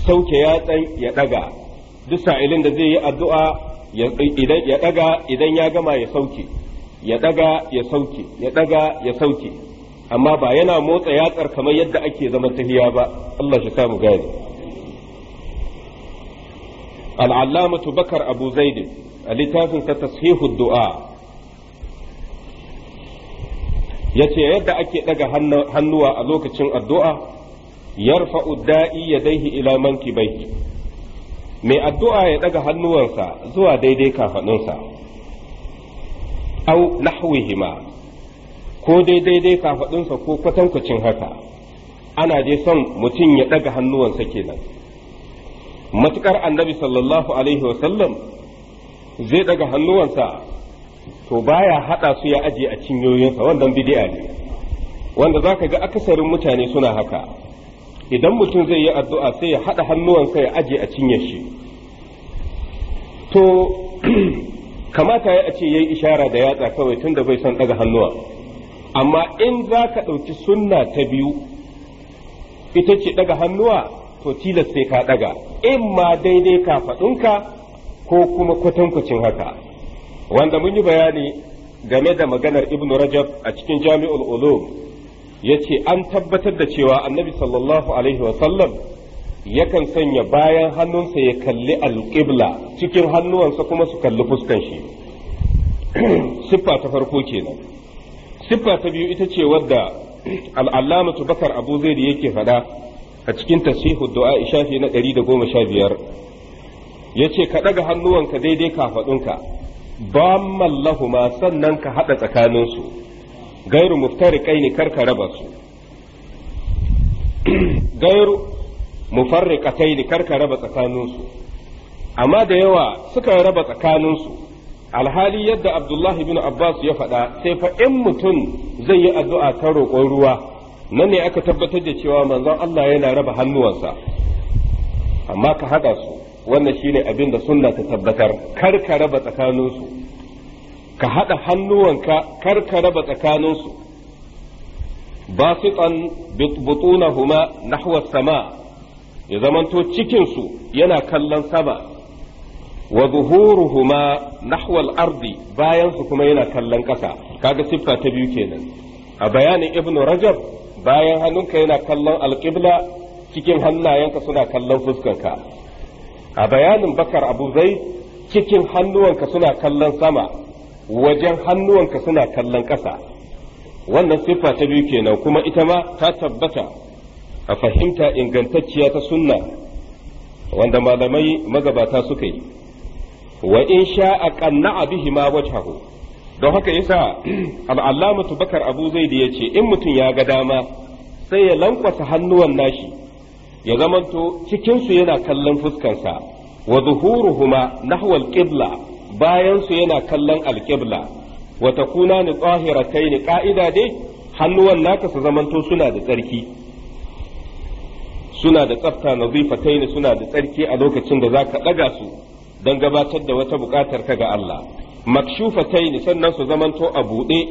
sauke yatsan ya ɗaga duk sa'ilin da zai yi addu'a ya ɗaga idan ya gama ya sauke ya ɗaga ya sauke ya ɗaga ya sauke amma ba yana motsa yatsar kamar yadda ake zama tahiya ba Allah shi samu gani al'allamatu bakar abu zaidin a littafin ta tashihu du'a ya ce yadda ake ɗaga hannuwa a lokacin addu'a yarfa'u da'i ya daihi ila manki bai mai addu'a ya ɗaga hannuwansa zuwa daidai kafaɗinsa au nahwihima ko daidai dai ko kwatankwacin haka ana dai son mutum ya ɗaga hannuwansa kenan matukar annabi sallallahu alaihi wasallam zai daga hannuwansa to baya haɗa su ya aje a cinyoyinsa wannan bid'a ne wanda zaka ga akasarin mutane suna haka idan mutum zai yi addu'a sai ya haɗa hannuwansa ya aje a cinye shi to <clears throat> kamata ya ce yayi ishara da yatsa kawai tunda bai son daga hannuwa amma in za ka ɗauki sunna ta biyu ita ce daga hannuwa to tilas sai ka daga in ma daidai kafadunka ko kuma kwatankwacin haka wanda mun yi bayani game da maganar ibnu rajab a cikin jami'ul ulum yace an tabbatar da cewa annabi sallallahu alaihi wa sallam yakan sanya bayan hannunsa ya kalli alƙibla cikin hannuwansa kuma su kalli fuskan shi <clears throat> siffa ta farko kenan siffa ta biyu ita ce wadda al'allamatu bakar abu zai yake faɗa. a cikin tasihu du'a shafi na 115 yace ka daga hannuwanka daidai kafadunka ba mallahuma sannan ka hada tsakaninsu gairu muftariqai ne karka raba su <clears throat> gairu mufarriqatai ne karka raba tsakaninsu amma da yawa suka raba tsakaninsu alhali yadda abdullahi bin abbas ya faɗa sai fa in mutum zai yi addu'a ta roƙon ruwa nan ne aka tabbatar da cewa manzon Allah yana raba hannuwansa amma ka haɗa su wannan shine abin da sunna ta tabbatar kar ka raba tsakaninsu ka haɗa hannuwanka kar ka raba tsakaninsu basitan huma nahwa sama ya zamanto cikinsu yana kallon sama wa zuhuruhuma nahwal al-ardi bayansu kuma yana kallon ƙasa kaga siffa ta biyu kenan a bayanin ibnu rajab bayan hannunka yana kallon alƙibla cikin hannayenka suna kallon fuskanka a bayanin bakar abu zai cikin hannuwanka suna kallon sama wajen hannuwanka suna kallon ƙasa wannan siffa ta biyu kenan kuma ita ma ta tabbata a fahimta ingantacciya ta sunna wanda malamai magabata suka yi wa in sha'a qanna'a bihi ma wajhahu don haka yasa <clears throat> al'allamatu bakar abu zai da ya ce in mutum ya ga dama sai ya lankwasa hannuwan nashi ya zamanto cikinsu yana kallon fuskarsa wa zuhuruhuma nahwal qibla bayansu yana kallon alqibla wa takuna ni tsahirataini ka'ida dai hannuwan naka su zamanto suna da tsarki suna da tsafta ni suna da tsarki a lokacin da zaka daga su don gabatar da wata bukatar ka ga Allah makshufataini sannan su zamanto a buɗe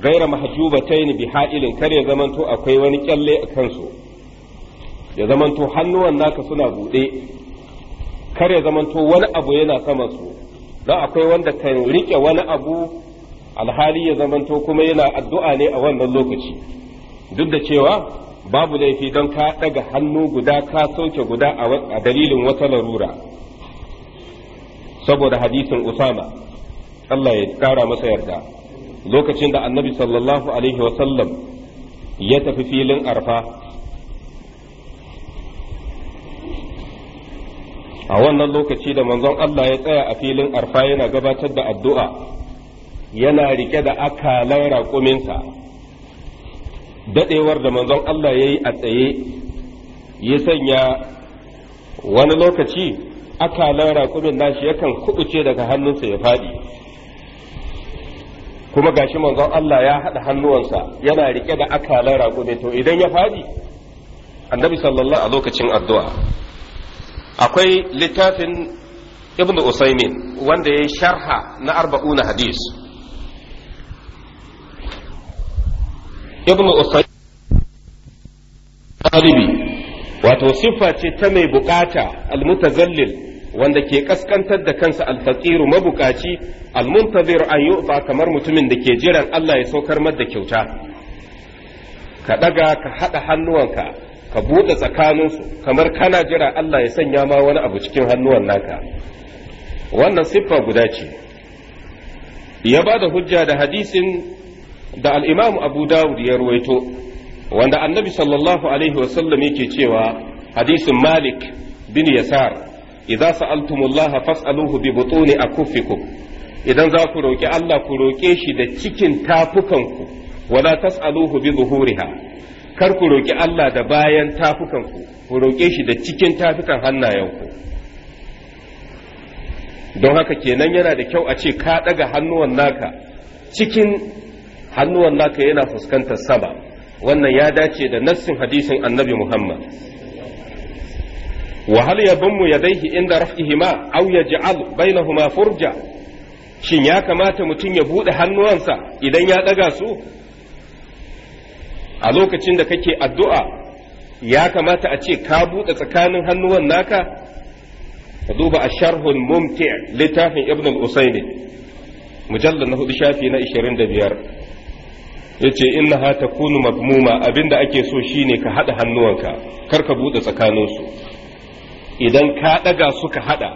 gaira mahjubataini bi ha'ilin kar ya zamanto akwai wani kyalle a kansu ya zamanto hannuwan naka suna buɗe kar ya zamanto wani abu yana sama su don akwai wanda kan rike wani abu alhali ya zamanto kuma yana addu'a ne a wannan lokaci duk da cewa babu laifi don ka ɗaga hannu guda ka sauke guda a dalilin wata larura saboda hadisin usama Allah ya kara masa yarda lokacin da annabi sallallahu alaihi wasallam ya tafi filin arfa a wannan lokaci da manzon Allah ya tsaya a filin arfa yana gabatar da addu'a yana rike da akalan raƙuminsa daɗewar da manzon Allah ya yi a tsaye ya sanya wani lokaci akalan raƙumin nashi yakan kubuce daga hannunsa ya faɗi kuma gashi manzon Allah ya haɗa hannuwansa yana rike da akalan raƙumi to idan ya faɗi annabi sallallahu a lokacin addu'a akwai littafin ibn usaimin wanda ya sharha na arba'una hadis ibn usaimin wato siffa ce ta mai bukata mutazallil wanda ke kaskantar da kansa alfaqiru mabukaci almuntazir an yu'ta kamar mutumin da ke jiran Allah ya saukar da kyauta ka daga ka hada hannuwanka ka bude tsakaninsu kamar kana jira Allah ya sanya ma wani abu cikin hannuwan naka wannan siffa guda ce ya ba da hujja da hadisin da al-Imam Abu Dawud ya ruwaito wanda annabi sallallahu alaihi wasallam yake cewa hadisin Malik bin Yasar idza sa'altumullaha fas'aluhu bi butuni kufiku idan za ku roƙi Allah ku roƙe shi da cikin tafukanku wala tas'aluhu bi zuhuriha kar ku roƙi Allah da bayan tafukanku ku roƙe shi da cikin tafukan hannayenku don haka kenan yana da kyau a ce ka ɗaga hannuwan naka cikin hannuwan naka yana fuskantar sama wannan ya dace da nassin hadisin annabi Muhammad wa hal yadummu yadayhi inda raf'ihima aw yaj'al bainahuma furja shin ya kamata mutum ya buɗe hannuwansa idan ya ɗaga su a lokacin da kake addu'a ya kamata a ce ka buɗe tsakanin hannuwan naka ka duba a sharhun mumti littafin ibn al-usaini mujallar na hudu shafi na 25 yace innaha takunu madmuma abinda ake so shine ka haɗa hannuwanka kar ka buɗe tsakaninsu idan ka ɗaga suka haɗa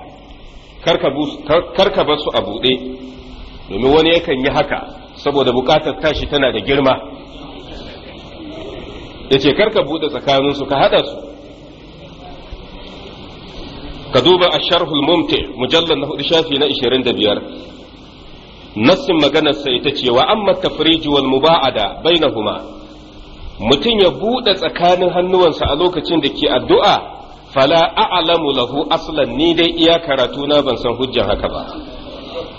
karka su a buɗe domin wani yakan yi haka saboda bukatar tashi tana da girma ya ce karka buɗe tsakaninsu ka haɗa su ka duba a sharhul Mumte, mujallar na hudu shafi na 25 nassin maganarsa ita ce wa amma tafriji wal muba'ada huma. mutum ya buɗe tsakanin hannuwansa a lokacin da ke addu'a fala a'lamu lahu aslan ni dai iya karatu na ban san hujjan haka ba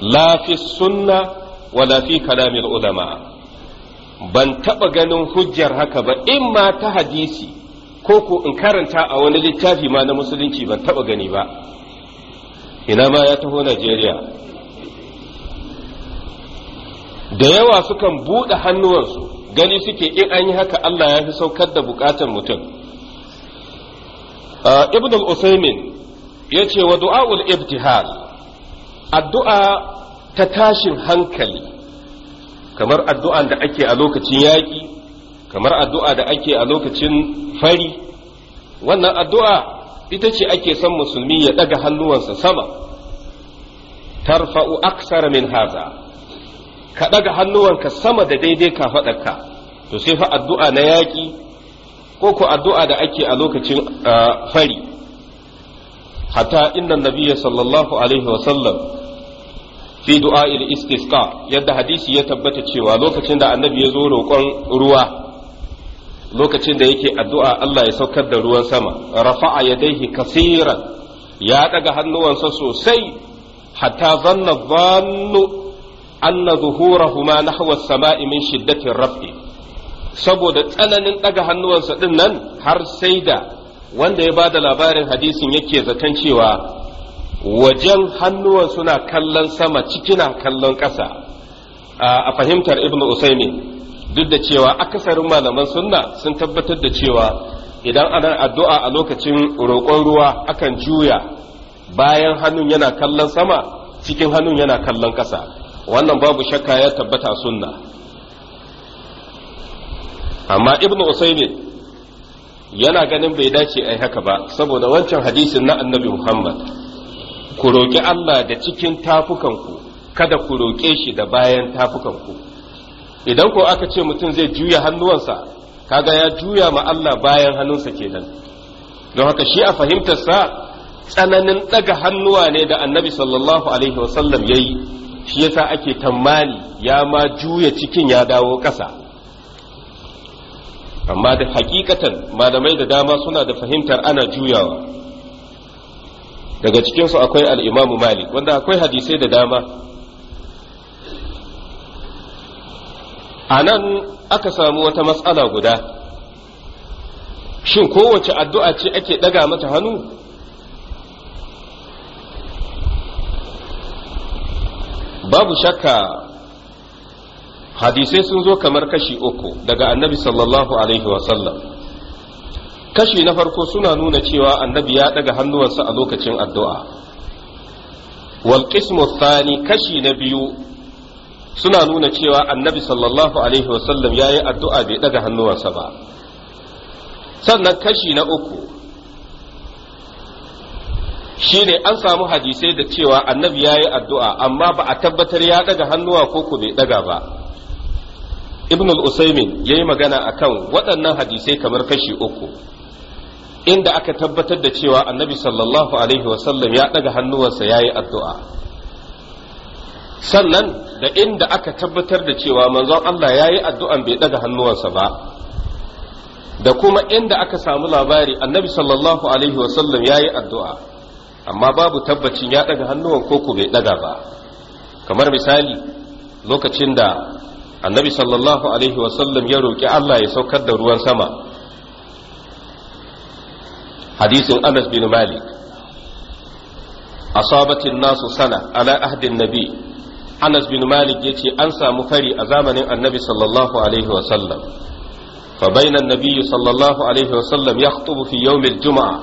la fi sunna wala fi kalamil ulama ban taba ganin hujjar haka ba in ma ta hadisi ko ko in karanta a wani littafi ma na musulunci ban taba gani ba ina ma ya taho Najeriya da yawa sukan buɗe hannuwansu gani suke in an yi haka Allah ya fi saukar da bukatar mutum ابن al-usaimin ya ce wa du'a'ul هنكلي addu'a ta tashin hankali kamar addu'an da ake a lokacin yaƙi kamar addu'a da ake a lokacin fari wannan addu'a ita ce ake son musulmi ya ɗaga hannuwansa sama tarfa'u aksara min haza ka ɗaga hannuwanka sama da daidai ka ka, to sai fa addu'a na yaƙi ko ku addu'a da ake a lokacin fari hatta inna nabiyya sallallahu alaihi wasallam fi du'a'il istisqa yadda hadisi ya tabbata cewa lokacin da annabi ya zo roƙon ruwa lokacin da yake addu'a Allah ya saukar da ruwan sama rafa'a yadaihi kasiran ya daga hannuwansa sosai hatta zanna zannu anna zuhurahuma nahwa as-sama'i min shiddati rafi saboda tsananin ɗaga hannuwansa ɗin nan har sai da wanda ya ba da labarin hadisin yake zaton cewa wajen hannuwan suna kallon sama ciki na kallon ƙasa a fahimtar ibn Usaini, duk da cewa akasarin malaman sunna sun tabbatar da cewa idan ana addu'a a lokacin roƙon ruwa akan juya bayan hannun yana kallon sama cikin hannun yana kallon ƙasa wannan babu shakka ya tabbata sunna amma Ibn usaymin yana ganin bai dace ai haka ba saboda wancan hadisin na annabi muhammad ku roƙi allah da cikin tafukanku kada ku roƙe shi da bayan ku, idan ko aka ce mutum zai juya hannuwansa kaga ya juya ma allah bayan hannunsa kenan don haka shi a fahimtarsa tsananin ɗaga hannuwa ne da annabi sallallahu alaihi wasallam ya yi shi yasa ake tammani ya ma juya cikin ya dawo ƙasa amma da hakikatan malamai da dama suna da fahimtar ana juyawa daga cikinsu akwai al'imamu malik wanda akwai hadisai da dama a nan aka samu wata matsala guda shin kowace addu'a ce ake ɗaga mata hannu babu shakka hadisai sun zo kamar kashi uku daga annabi sallallahu alaihi wasallam kashi na farko suna nuna cewa annabi ya daga hannuwansa a lokacin addu'a wal qismu thani kashi na biyu suna nuna cewa annabi sallallahu alaihi wasallam ya yi addu'a bai daga hannuwansa ba sannan kashi na uku shine an samu hadisai da cewa annabi ya yi addu'a amma ba a tabbatar ya daga hannuwa ko ku bai daga ba ibn al-usaimin ya yi magana akan waɗannan hadisai kamar kashi uku inda aka tabbatar da cewa annabi sallallahu alaihi wasallam ya ɗaga hannuwansa ya addu'a sannan da inda aka tabbatar da cewa manzon Allah yayi yi addu'an bai ɗaga hannuwansa ba da kuma inda aka samu labari annabi sallallahu alaihi wasallam ya addu'a amma babu tabbacin ya ɗaga hannuwan ko bai ɗaga ba kamar misali lokacin da annabi sallallahu alaihi wasallam ya roƙi Allah ya saukar da ruwan sama hadisin Anas bin Malik asabatin nasu sana ala ahdin nabi Anas bin Malik ya ce an samu fari a zamanin annabi sallallahu alaihi wasallam فبين النبي صلى الله عليه وسلم يخطب في يوم الجمعة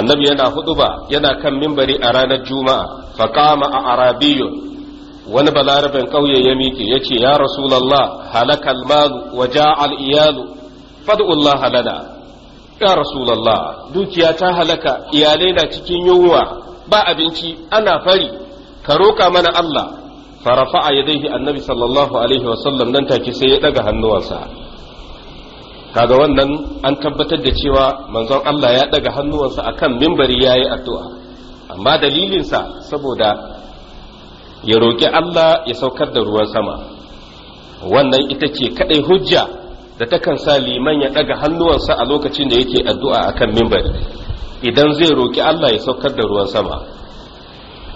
النبي ينا خطبة ينا كم منبري أرانا الجمعة فقام أعرابي wani balarabin ƙauye ya miƙe ya ce ya rasulallah halakal malu wa ja'al iyalu fad'ullah lana ya rasulallah dukiya ta halaka iyalai na cikin yunwa ba abinci ana fari ka roƙa mana Allah farafa'a dai annabi sallallahu alaihi sallam. nan take sai ya daga hannuwansa kaga wannan an tabbatar da cewa manzon Allah ya daga hannuwansa akan mimbari yayi addu'a amma dalilinsa saboda ya roƙi Allah ya saukar da ruwan sama wannan ita ce kaɗai hujja da takan sa liman ya ɗaga hannuwansa a lokacin da yake addu'a akan mimbar idan zai roƙi Allah ya saukar da ruwan sama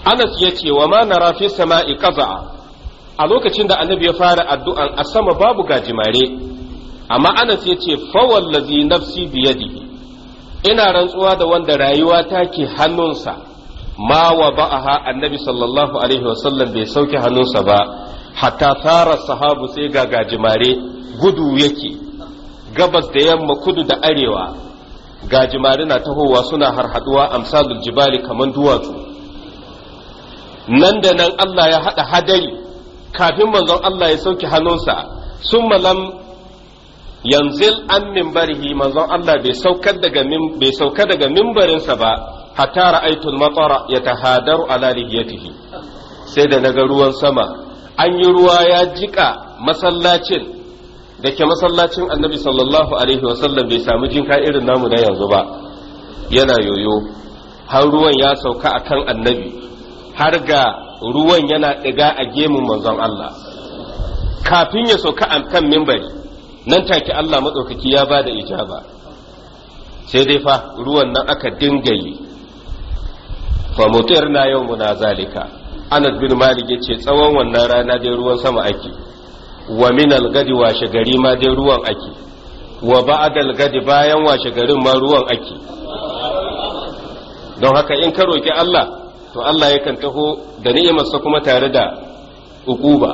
Anas ya ce wa ma nara fi sama'i qaza'a a lokacin da annabi ya fara addu'an a sama babu gajimare amma Anas ya ce fa wallazi nafsi biyadihi ina rantsuwa da wanda rayuwa ke hannunsa ma wa ba'aha annabi sallallahu alaihi wasallam bai sauke hannunsa ba hatta tara sahabu sai ga gajimare gudu yake gabas da yamma kudu da arewa gajimare na tahowa suna harhaduwa amsalul jibali kaman duwatsu nan da nan Allah ya hada hadari kafin manzon Allah ya sauke hannunsa sun malam yanzil an mimbarihi manzon Allah bai sauka daga mimbarinsa ba hatta ra'aytul matara yatahadaru ala lihiyatihi sai da naga ruwan sama an yi ruwa ya jika masallacin da ke masallacin annabi sallallahu alaihi wasallam bai samu jinka irin namu na yanzu ba yana yoyo har ruwan ya sauka akan annabi har ga ruwan yana ɗiga a gemun manzon Allah kafin ya sauka a kan mimbari nan take Allah maɗaukaki ya bada da ijaba sai dai fa ruwan nan aka dinga yi fa yau muna zalika Anas bin Malik yace tsawon wannan rana dai ruwan sama ake wa min al-gadi washe gari ma dai ruwan ake wa ba'd al-gadi bayan washe garin ma ruwan ake don haka in ka roki Allah to Allah yakan taho da ni'imar sa kuma tare da uquba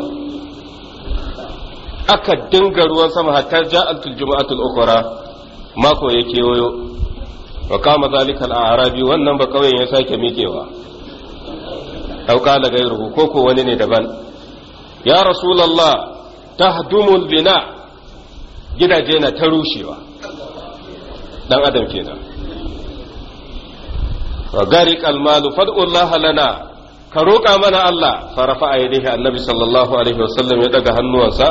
aka dinga ruwan sama hatta ja'atul jumu'atul ukhra mako ya kewayo wa kama zalikal arabi wannan ba kawai ya sake mikewa aw qala ghayruhu ko ko wani ne daban ya rasulullah tahdumul bina gidaje na ta rushewa dan adam kenan wa gariqal malu fad'ullah lana ka roƙa mana Allah farafa yadihi annabi sallallahu alaihi wasallam ya daga hannuwansa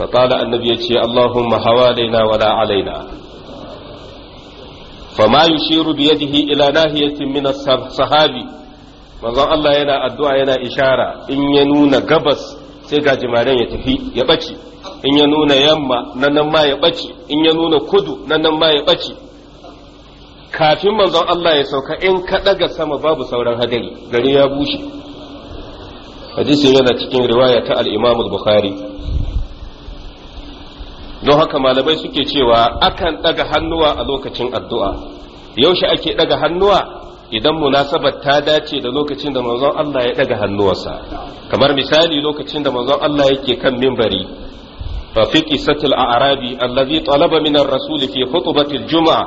fa qala annabi yace allahumma hawalaina wala alaina فما يشير بيده yadihi ila من الصحابي sahabi manzon Allah yana addu'a yana ishara in ya nuna gabas sai gajimaren ya tafi ya bace in ya nuna yamma nan nan ma ya bace in ya nuna kudu nan nan ma ya bace kafin manzon Allah ya sauka in ka daga sama babu sauran hadari gari ya bushe hadisin yana cikin riwaya ta al-Imam al-Bukhari don haka malamai suke cewa akan ɗaga hannuwa a lokacin addu'a yaushe ake ɗaga hannuwa idan munasabar ta dace da lokacin da manzon Allah ya ɗaga hannuwarsa kamar misali lokacin da manzon Allah yake kan mimbari fi qisatil a'rabi allazi talaba min ar-rasul fi khutbatil juma'a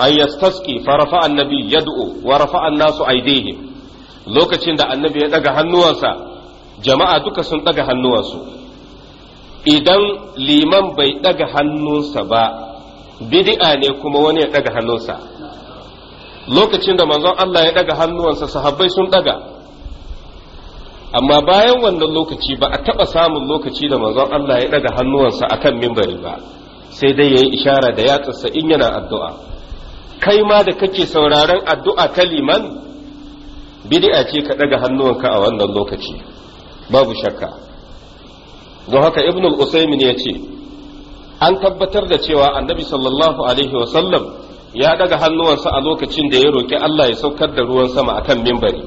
an yastaski fa rafa'a an-nabi yad'u wa rafa'a an-nasu aydihim lokacin da annabi ya ɗaga hannuwarsa jama'a duka sun ɗaga hannuwansu idan liman bai ɗaga hannunsa ba bid'a ne kuma wani ya ɗaga hannunsa lokacin da manzon Allah ya ɗaga hannuwansa sahabbai sun ɗaga amma bayan wannan lokaci ba a taɓa samun lokaci da manzon Allah ya ɗaga hannuwansa akan mimbari ba sai dai ya yi ishara da yatsansa in yana addu'a kai ma da kake sauraron addu'a ta liman bid'a ce ka ɗaga hannuwanka a wannan lokaci babu shakka don haka ibn al-usaymin ya ce an tabbatar da cewa annabi sallallahu alaihi wasallam ya daga hannuwansa a lokacin da ya roki Allah ya saukar da ruwan sama akan mimbari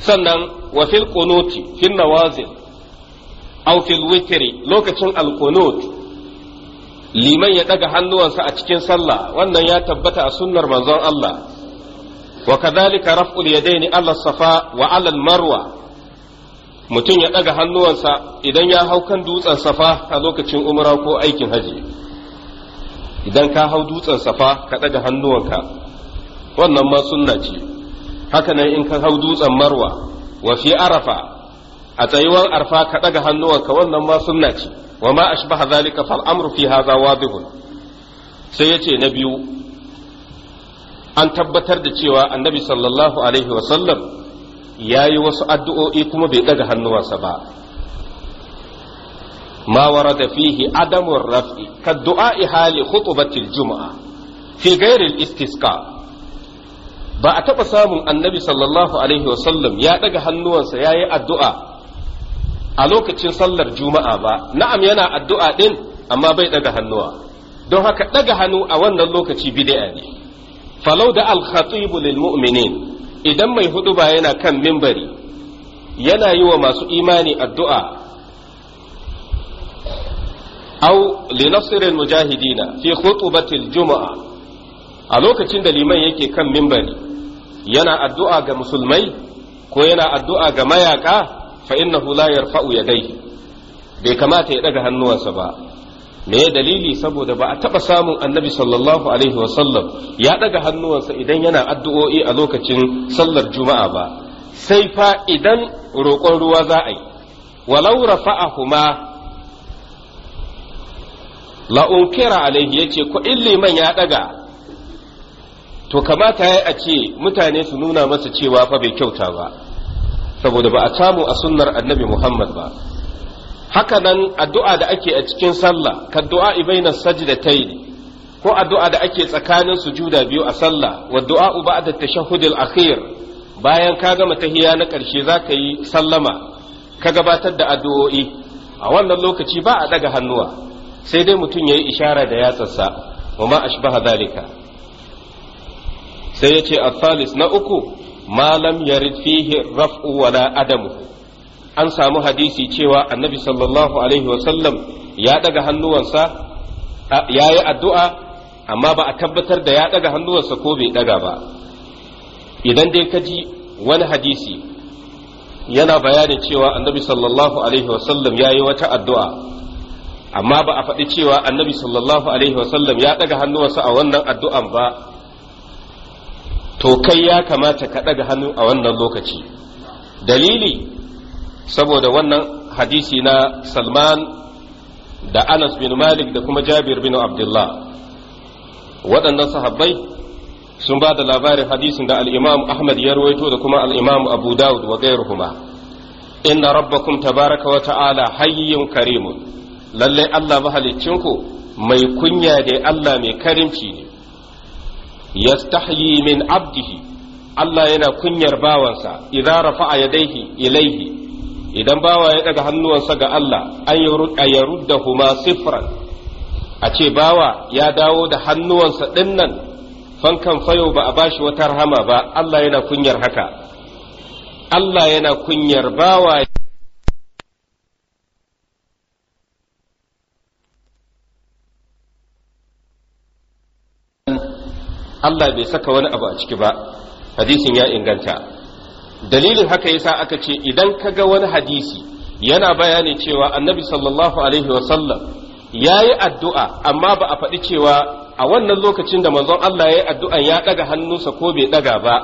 sannan wa fil qunuti fil nawazil aw fil witri lokacin al liman ya daga hannuwansa a cikin sallah wannan ya tabbata a sunnar manzon Allah wa kadhalika raf'ul yadaini ala safa wa ala marwa mutum ya ɗaga hannuwansa idan ya hau kan dutsen safa a lokacin umra ko aikin haji idan ka hau dutsen safa ka ɗaga hannuwanka wannan ma sunna ce haka nan in ka hau dutsen marwa wa fi arafa a tsayuwar arfa ka ɗaga hannuwanka wannan ma sunna ce wa ma ashbaha zalika fal amru fi hadha wadihun sai yace na biyu an tabbatar da cewa annabi sallallahu alaihi wa sallam ya yi wasu addu'o'i kuma bai ɗaga hannuwansa ba ma da fihi adamun raf'i ka du'a'i hali hutubatil juma'a fi gairil ba a taɓa samun annabi sallallahu alaihi wasallam ya ɗaga hannuwansa ya yi addu'a a lokacin sallar juma'a ba na'am yana addu'a ɗin amma bai ɗaga hannuwa don haka ɗaga hannu a wannan lokaci bid'a ne falau da al-khatibu lil mu'minin idan mai hudu ba yana kan mimbari yana yi wa masu imani addu'a au linasirin mujahidina fi khutubatil juma'a a lokacin da liman yake kan mimbari yana addu'a ga musulmai ko yana addu'a ga mayaka fa ya fa'u ya dai? bai kamata ya ɗaga hannuwansa ba me dalili saboda ba a taɓa samun annabi sallallahu alaihi wasallam ya ɗaga hannuwansa idan yana addu'o'i a lokacin sallar juma'a ba sai fa idan roƙon ruwa za a yi walau rafa'ahuma la unkira alaihi yace ko in liman ya ɗaga? to kamata ya a ce mutane su nuna masa cewa fa bai kyauta ba saboda ba a samu a sunnar annabi muhammad ba haka nan addu'a da ake a cikin sallah ka du'a ta sajdatayn ko addu'a da ake tsakanin sujuda biyu a sallah wa du'a ba'da tashahhudil akhir bayan ka gama tahiya na ƙarshe zaka yi sallama ka gabatar da addu'o'i a wannan lokaci ba a daga hannuwa sai dai mutum ya yi ishara da yatsarsa wa ma ashbaha zalika sai yace al na uku malam yarid fihi raf'u wala adamu an samu hadisi cewa annabi sallallahu alaihi wasallam ya daga hannuwansa ya yi addu'a amma ba a tabbatar da ya daga hannuwansa ko bai daga ba idan dai ka ji wani hadisi yana bayanin cewa annabi sallallahu alaihi wasallam ya yi wata addu'a amma ba a faɗi cewa annabi sallallahu alaihi wasallam ya daga hannuwansa a wannan addu'an ba to kai ya kamata ka daga hannu a wannan lokaci dalili saboda wannan hadisi na salman da anas bin malik da kuma jabir bin abdullah waɗannan sahabbai sun ba da labarin hadisin da al'imam ahmad ya ruwaito da kuma al'imam abu dawud wa gairuhuma inna rabbakum tabaraka wa ta'ala hayyun karimun lallai allah mahalicinku mai kunya da allah mai karimci ne yastahyi min abdihi allah yana kunyar bawansa idan rafa'a daihi ilaihi idan bawa ya daga hannuwansa ga Allah an yarudda huma sifran a ce bawa ya dawo da hannuwansa dinnan fankan fayo ba a bashi wata rahama ba Allah yana kunyar haka Allah yana kunyar bawa Allah bai saka wani abu a ciki ba hadisin ya inganta dalilin haka yasa aka ce idan ka ga wani hadisi yana bayani cewa annabi sallallahu alaihi wasallam ya yi addu'a amma ba a faɗi cewa a wannan lokacin da manzon Allah ya yi addu'an ya ɗaga hannunsa ko bai ɗaga ba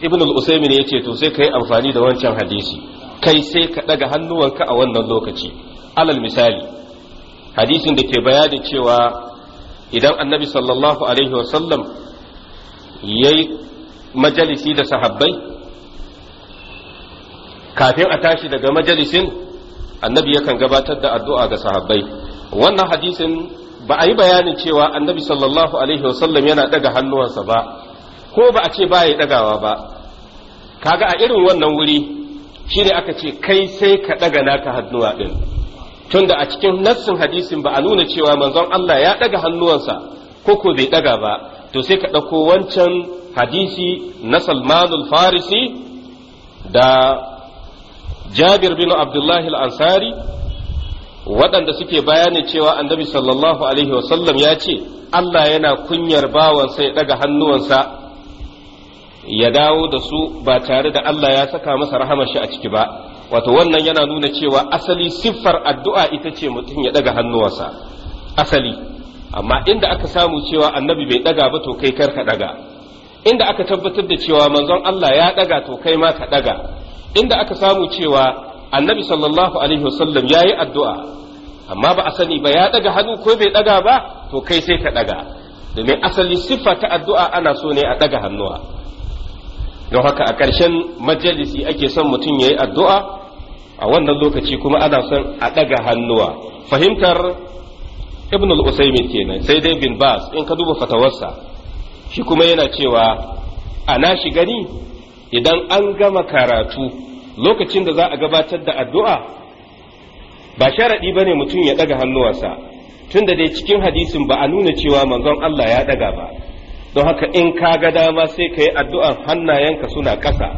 ibn al-usaimin ya ce to sai ka yi amfani da wancan hadisi kai sai ka ɗaga hannuwanka a wannan lokaci alal misali hadisin da ke bayani cewa idan annabi sallallahu alaihi wasallam ya yi majalisi da sahabbai kafin a tashi daga majalisin annabi yakan gabatar da addu'a ga sahabbai wannan hadisin ba a yi bayanin cewa annabi sallallahu alaihi wasallam yana daga hannuwansa ba ko ba a ce ba ya dagawa ba kaga a irin wannan wuri shine aka ce kai sai ka daga naka hannuwa din tunda a cikin nassin hadisin ba a nuna cewa manzon Allah ya daga hannuwansa ko ko bai daga ba to sai ka ɗauko wancan hadisi na Salmanul Farisi da jabir bin abdullahi al-ansari waɗanda suke bayani cewa annabi sallallahu alaihi wasallam ya ce Allah yana kunyar bawansa ya ɗaga hannuwansa ya dawo da su ba tare da Allah ya saka masa rahamar shi a ciki ba wato wannan yana nuna cewa asali siffar addu'a ita ce mutum ya daga hannuwansa asali amma inda aka samu cewa annabi bai ɗaga ba to kai karka ɗaga inda aka tabbatar da cewa manzon Allah ya daga to kai ma ka daga inda aka samu cewa annabi sallallahu alaihi wasallam ya addu'a amma ba a sani ba ya daga hannu ko bai daga ba to kai sai ka daga domin asali siffa ta addu'a ana so ne a daga hannuwa don haka a ƙarshen majalisi ake son mutum ya yi addu'a a wannan lokaci kuma ana son a daga hannuwa fahimtar ibn al usaymin kenan sai dai bin bas in ka duba fatawarsa shi kuma yana cewa a nashi gani idan an gama karatu lokacin da za a gabatar da addu'a ba sharaɗi ba ne mutum ya ɗaga hannuwansa tun da dai cikin hadisin ba a nuna cewa manzon Allah ya ɗaga ba don haka in ka ga dama sai ka yi addu'an hannayenka suna ƙasa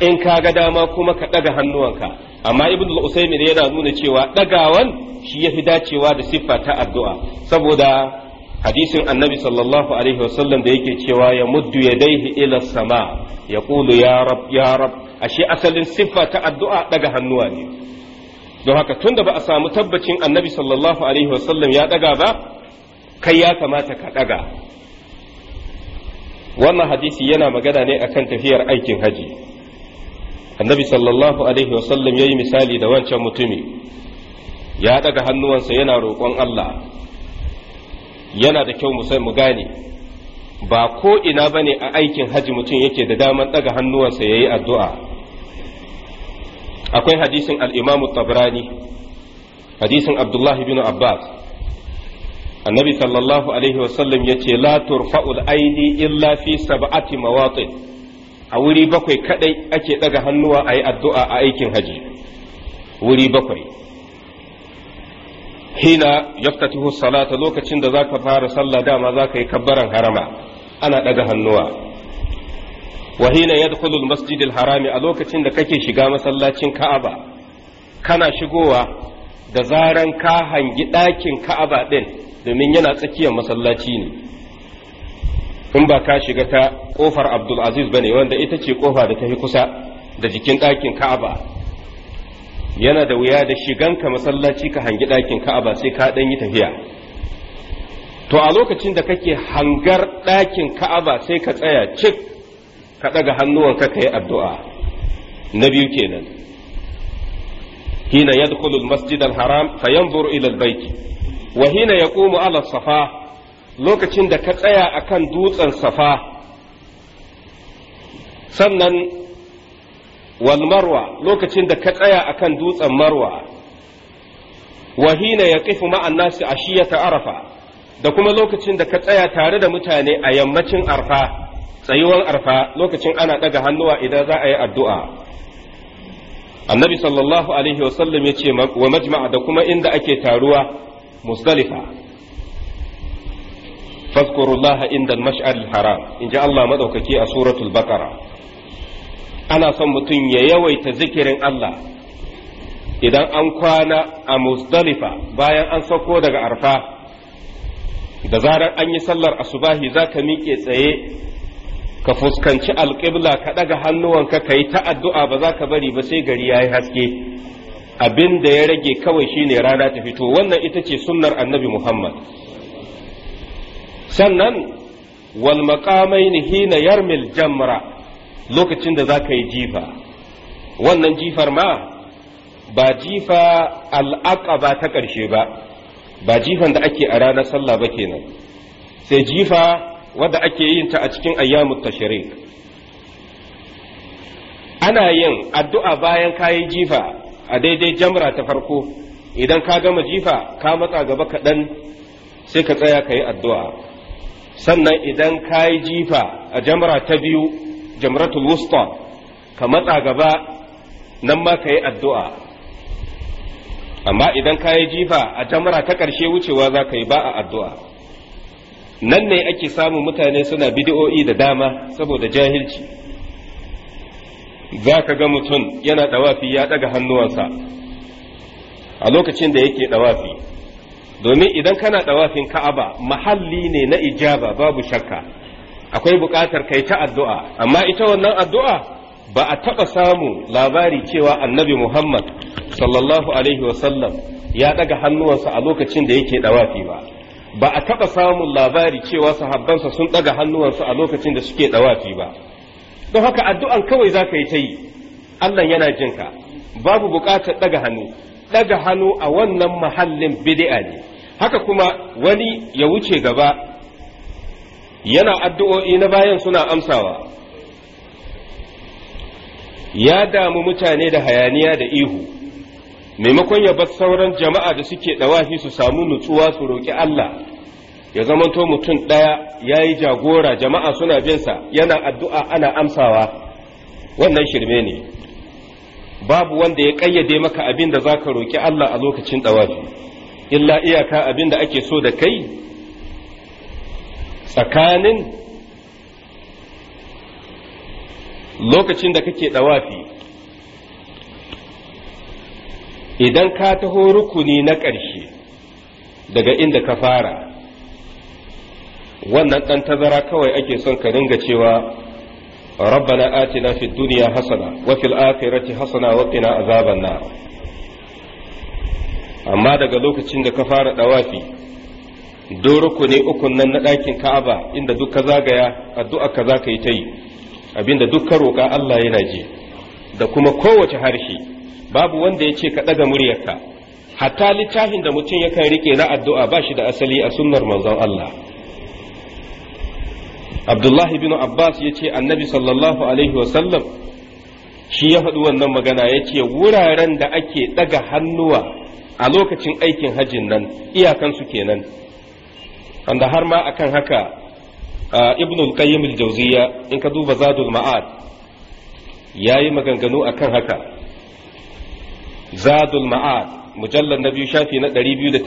in ka ga dama kuma ka ɗaga hannuwanka amma ibn al yana nuna cewa ɗagawan shi ya fi dacewa da siffa ta addu'a saboda hadisin annabi sallallahu alaihi wasallam da yake cewa ya muddu ya yadaihi ila sama ya kulu ya rab ya rab ashe asalin siffa ta addu'a daga hannuwa ne don haka tunda ba a samu tabbacin annabi sallallahu alaihi wasallam ya daga ba kai ya kamata ka daga wannan hadisi yana magana ne akan tafiyar aikin hajji annabi sallallahu alaihi wasallam ya yi misali da wancan mutumi ya daga hannuwansa yana roƙon Allah yana da kyau mu gane ba ko ina bane a aikin haji mutum yake da damar daga hannuwansa yayi addu'a akwai hadisin al-Imam tabrani hadisin Abdullah ibn Abbas annabi sallallahu alaihi wasallam yace la turfa'ul aidi illa fi sab'ati mawatin a wuri bakwai kadai ake daga hannuwa ayi addu'a a aikin haji wuri bakwai hina yaftatihu salata lokacin da zaka fara sallah dama zaka yi kabbaran harama ana daga hannuwa wa hina yadkhulu al-masjid al-harami a lokacin da kake shiga masallacin Ka'aba kana shigowa da zaran ka hangi ɗakin Ka'aba din domin yana tsakiyar masallaci ne in ba ka shiga ta kofar Abdul Aziz bane wanda ita ce kofa da ta fi kusa da jikin ɗakin Ka'aba yana da wuya da shiganka masallaci ka hangi ɗakin ka'aba sai ka ɗan yi tafiya to a lokacin da kake hangar ɗakin ka'aba sai ka tsaya cik ka ɗaga hannuwanka ka yi addu'a na biyu kenan hina yadkhulu al-masjid al-haram fa yanzuru ila al-bayt wa hina yaqumu ala safa lokacin da ka tsaya akan dutsen safa sannan Walmarwa lokacin da ka tsaya akan dutsen marwa wahina ya kifu ma'an ashiyata arafa da kuma lokacin da ka tsaya tare da mutane a yammacin arfa tsayuwan arfa lokacin ana ɗaga hannuwa idan za a yi addu'a annabi sallallahu alaihi wasallam ya ce wa majma'a da kuma inda ake taruwa musdalifa fazkurullaha inda mash'ar haram in ji Allah maɗaukaki a suratul baqara ana son mutum ya yawaita zikirin Allah idan an kwana a musdalifa bayan an sauko daga arfa da zarar an yi sallar asubahi za ka miƙe tsaye ka fuskanci alƙibla ka ɗaga hannuwanka ka yi ta addu'a ba za ka bari ba sai gari ya yi haske abin da ya rage kawai shine rana ta fito wannan ita ce sunnar annabi muhammad sannan wal maƙamai hina yarmil jamra lokacin da za ka yi jifa wannan jifar ma ba jifa ba ta ƙarshe ba ba jifan da ake a ranar sallah ba kenan sai jifa wadda ake yin ta a cikin ayyamu ta tashrik ana yin addu'a bayan kayi jifa a daidai jamra ta farko idan ka gama jifa ka matsa gaba kaɗan sai ka tsaya ka yi addu'a sannan idan kayi jifa a jamra ta biyu jamratul wusta ka matsa gaba nan ma ka yi addu'a amma idan ka yi jifa a jamara ta ƙarshe wucewa za ka yi ba a addu'a nan ne ake samun mutane suna bidi'o'i da dama saboda jahilci za ka ga mutum yana ɗawafi ya ɗaga hannuwansa a lokacin da yake ɗawafi domin idan kana ɗawafin ka'aba mahalli ne na ijaba babu shakka akwai buƙatar kai ta addu'a amma ita wannan addu'a ba a taɓa samu labari cewa annabi muhammad sallallahu alaihi wasallam ya ɗaga hannuwansa a lokacin da yake ɗawafi ba ba a taɓa samun labari cewa sahabbansa sun ɗaga hannuwansu a lokacin da suke ɗawafi ba don haka addu'an kawai za ka yi ta yi allah yana jinka babu buƙatar ɗaga hannu ɗaga hannu a wannan mahallin bid'a ne haka kuma wani ya wuce gaba yana addu'o'i na bayan suna amsawa ya damu mutane da hayaniya da ihu maimakon ya bar sauran jama'a da suke ɗawafi su samu nutsuwa su roƙi Allah ya zamanto mutum ɗaya ya yi jagora jama'a suna binsa yana addu'a ana amsawa wannan shirme ne babu wanda ya ƙayyade maka abin da za ka roƙi Allah a lokacin ɗawafi illa iyaka abin da ake so da kai tsakanin lokacin da kake ɗawafi idan ka taho rukuni na ƙarshe daga inda ka fara wannan ɗan tazara kawai ake son ka dinga cewa ربنا آتنا hasana wa fil akhirati hasana wa qina azaban nar amma daga lokacin da ka fara dawafi doro ne ukun nan na ɗakin ka'aba inda duk ka zagaya addu'a ka za ka yi ta yi abinda duk ka roƙa Allah yana ji da kuma kowace harshe babu wanda ya ce ka ɗaga muryarka hatta littafin da mutum ya yakan rike na addu'a ba shi da asali a sunnar manzon Allah Abdullahi ibn Abbas ya ce annabi sallallahu alaihi wa sallam shi ya faɗi wannan magana ya ce wuraren da ake ɗaga hannuwa a lokacin aikin hajjin nan iyakansu kenan wanda har ma akan haka ibn al-qayyim al-jawziya in ka duba zadul ma'ad yayi maganganu akan haka zadul ma'ad mujallal na biyu shafi na 287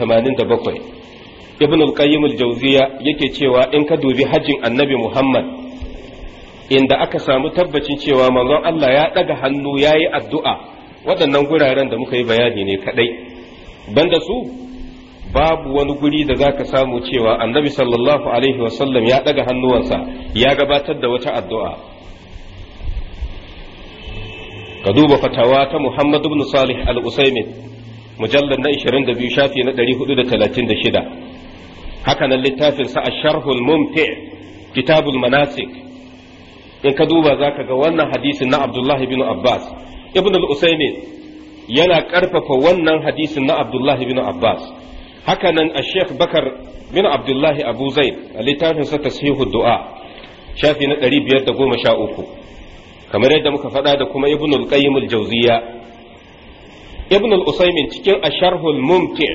ibn al-qayyim al-jawziya yake cewa in ka dubi hajjin annabi muhammad inda aka samu tabbacin cewa manzon Allah ya daga hannu yayi addu'a waɗannan guraren da muka yi bayani ne kadai banda su babu wani guri da zaka samu cewa annabi sallallahu alaihi wasallam ya daga hannuwansa ya gabatar da wata addu'a ka duba fatawa ta Muhammad ibn Salih al-Usaimin mujallad na 22 shafi na 436 haka nan littafin sa Ash-Sharhul Mumti' Kitabul Manasik in ka duba zaka ga wannan hadisin na Abdullahi ibn Abbas ibn al-Usaimin yana karfafa wannan hadisin na Abdullahi ibn Abbas haka nan a sheikh bakar bin abdullahi abu zain a littafinsa sihu du'a shafi na 513 kamar yadda muka faɗa da kuma ibn al-qayyim al-jawziya ibn al-usaymin cikin asharhul mumti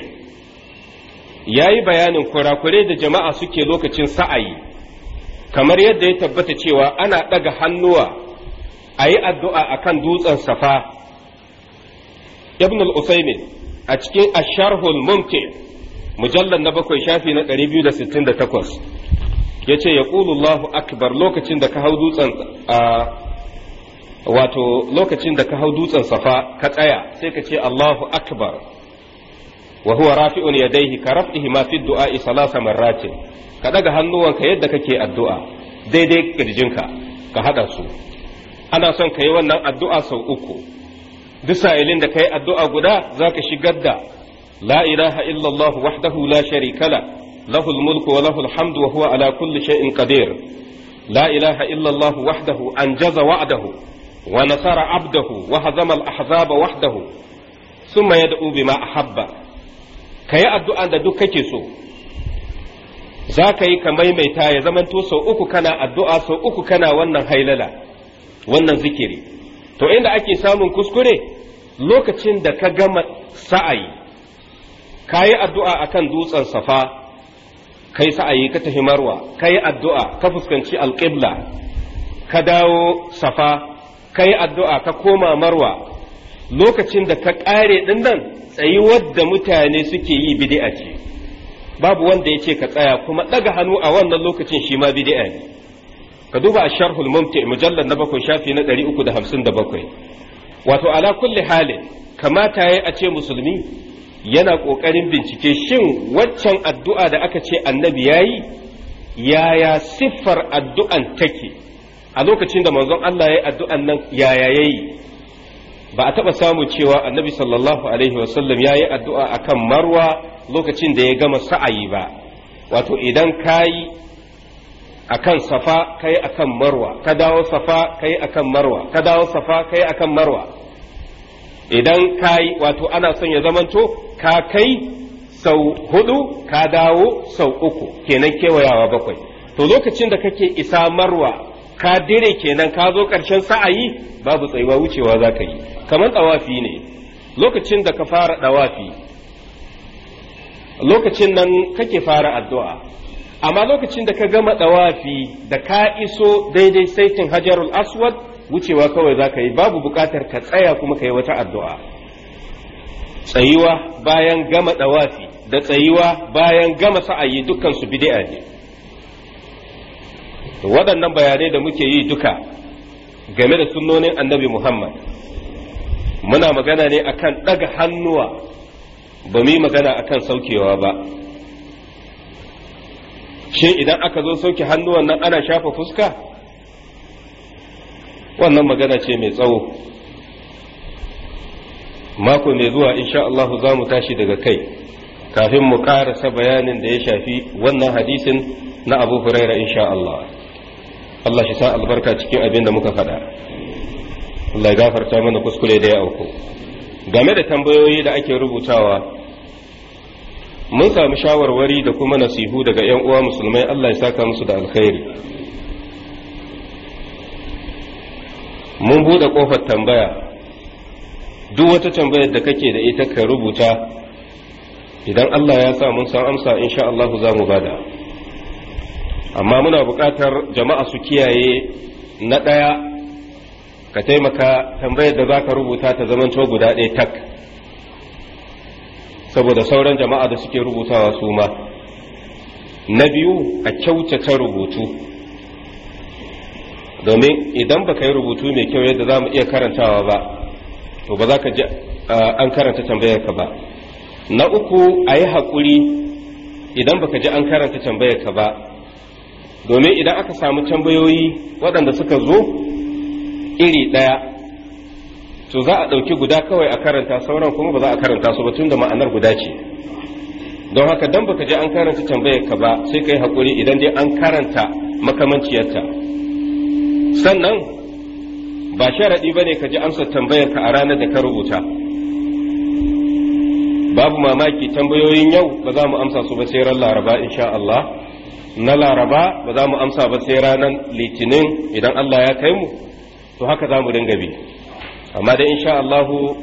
yayi bayanin kurakure da jama'a suke lokacin sa'ayi kamar yadda ya tabbata cewa ana ɗaga hannuwa a yi addu'a akan dutsen safa ibnul al-usaymin a cikin asharhul mumti' mujallar na bakwai shafi na biyu da da sittin takwas ya ce ya Allahu akbar lokacin da ka hau dutsen a wato lokacin da ka hau dutsen safa ka tsaya sai ka ce Allahu akbar wa huwa rafi'un yadayhi ka rafi'i ma fi isa lasa marratin ka ɗaga hannuwanka yadda kake addu'a daidai ƙirjinka ka haɗa su ana son ka yi wannan addu'a sau uku duk sa'ilin da ka yi addu'a guda za ka shigar da la ilaha illallah wahdahu la sharika la lahul mulku wa lahul hamdu wahuwa huwa ala kulli shay'in qadir la ilaha illallah wahdahu anjaza wa'dahu wa nasara abdahu wa hazama al-ahzaba wahdahu summa yad'u bima ahabba yi addu'an da duk kake so za ka yi ka maimaita ya zamanto sau uku kana addu'a sau uku kana wannan hailala wannan zikiri to inda ake samun kuskure lokacin da ka gama sa'ayi ka yi addu'a a kan dutsen safa kai sa'ayi ka tahimarwa ka yi addu'a ka fuskanci alƙibla ka dawo safa ka yi addu'a ka koma marwa lokacin da ka ƙare ɗin tsayi wadda mutane suke yi bidi'a ce babu wanda ya ce ka tsaya kuma ɗaga hannu a wannan lokacin shi ma bidi'a ne ka duba a sharhul mumti mujallar na bakwai shafi na ɗari uku da hamsin da bakwai wato ala kulli halin kamata ya a ce musulmi yana ƙoƙarin bincike shin waccan addu'a da aka ce annabi ya yi yaya siffar addu'an take a lokacin da manzon Allah ya yi addu'an nan yaya ya yi ba a taɓa samu cewa annabi sallallahu alaihi wasallam ya yi addu'a a kan marwa lokacin da ya gama sa'ayi ba wato idan ka yi a kan safa ka yi a kan marwa ka dawo safa ka yi a kan marwa ka dawo safa ka yi a kan marwa idan ka wato ana son ya zamanto ka kai sau hudu ka dawo sau uku kenan kewayawa bakwai to lokacin da kake isa marwa ka dire kenan ka zo karshen sa'ayi babu tsayuwa wucewa za ka yi kamar dawafi ne lokacin da ka fara dawafi lokacin nan kake fara addu'a amma lokacin da ka gama ɗawafi da ka iso daidai saitin hajarul aswad wucewa kawai za ka yi babu buƙatar ka tsaya kuma ka yi wata addu'a tsayuwa bayan gama ɗawafi da tsayuwa bayan gama sa'ayi dukkan su ne waɗannan bayanai da muke yi duka game da sunnonin annabi muhammad muna magana ne akan ɗaga hannuwa ba mu yi magana akan saukewa ba shin idan aka zo sauke hannuwan nan ana shafa fuska wannan magana ce mai tsawo mako mai zuwa insha Allah za mu tashi daga kai kafin mu karasa bayanin da ya shafi wannan hadisin na abu huraira insha Allah Allah shi sa albarka cikin abin da muka faɗa Allah ya gafarta mana kuskure da ya auku game da tambayoyi da ake rubutawa mun samu shawarwari da kuma nasihu daga 'yan uwa musulmai Allah ya saka musu da alkhairi mun buɗe ƙofar tambaya duk wata tambayar da kake da ita ka rubuta idan Allah ya sa mun san amsa insha Allah za mu bada amma muna buƙatar jama'a su kiyaye na ɗaya ka taimaka tambayar da za ka rubuta ta to guda ɗaya tak saboda sauran jama'a da suke rubutawa su ma na biyu a kyautata rubutu domin idan baka yi rubutu mai kyau yadda za mu iya karantawa ba to ba za ka ji an karanta tambayarka ba na uku a yi haƙuri idan baka ji an karanta tambayarka ba domin idan aka samu tambayoyi waɗanda suka zo iri ɗaya to za a ɗauki guda kawai a karanta sauran kuma ba za a karanta su ba tun da ma'anar guda ce don haka dan baka ji an karanta tambayarka ba sai ka yi haƙuri idan dai an karanta makamanciyarta sannan ba sharaɗi ba ne ka ji amsar tambayarka a ranar da ka rubuta babu mamaki tambayoyin yau ba za mu amsa su ba sai ran laraba insha Allah na laraba ba za mu amsa ba sai ranar litinin idan Allah ya kai mu to haka za mu dinga bi amma dai insha Allah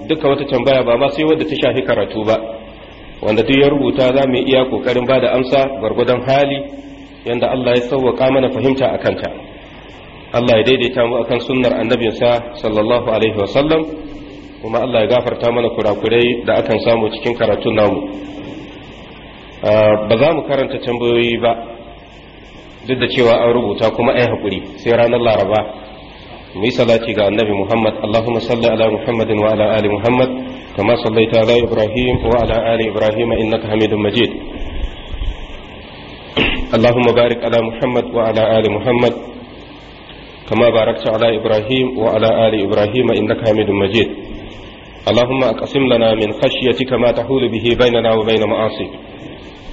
duka wata tambaya ba ma sai wanda ta shafi karatu ba wanda duk ya rubuta za mu iya kokarin ba da amsa gwargwadon hali yanda Allah ya sauwaka mana fahimta a kanta. Allah ya daidaita mu akan sunnar annabinsa sallallahu alaihi wasallam kuma Allah ya gafarta mana kurakurai da akan samu cikin karatun namu ah, ba za mu karanta tambayoyi ba duk da cewa an rubuta kuma ai hakuri sai ranar laraba mu yi salati ga annabi muhammad allahumma salli ala muhammadin wa ala ali muhammad kama sallaita ala ibrahim wa ala ali ibrahim innaka hamidun majid اللهم بارك على محمد وعلى Ali محمد كما باركت على إبراهيم وعلى آل إبراهيم إنك حميد مجيد اللهم أقسم لنا من خشيتك ما تحول به بيننا وبين معاصيك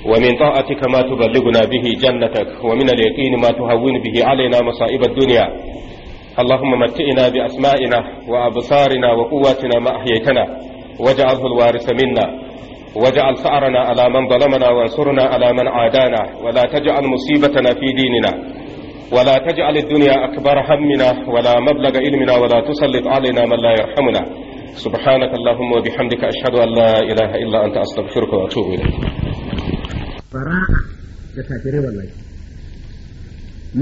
ومن طاعتك ما تبلغنا به جنتك ومن اليقين ما تهون به علينا مصائب الدنيا اللهم متئنا بأسمائنا وأبصارنا وقواتنا ما أحييتنا واجعله الوارث منا واجعل ثأرنا على من ظلمنا وانصرنا على من عادانا ولا تجعل مصيبتنا في ديننا ولا تجعل الدنيا أكبر همنا ولا مبلغ علمنا ولا تسلط علينا من لا يرحمنا سبحانك اللهم وبحمدك أشهد أن لا إله إلا أنت أستغفرك وأتوب إليك براءة تسافري والله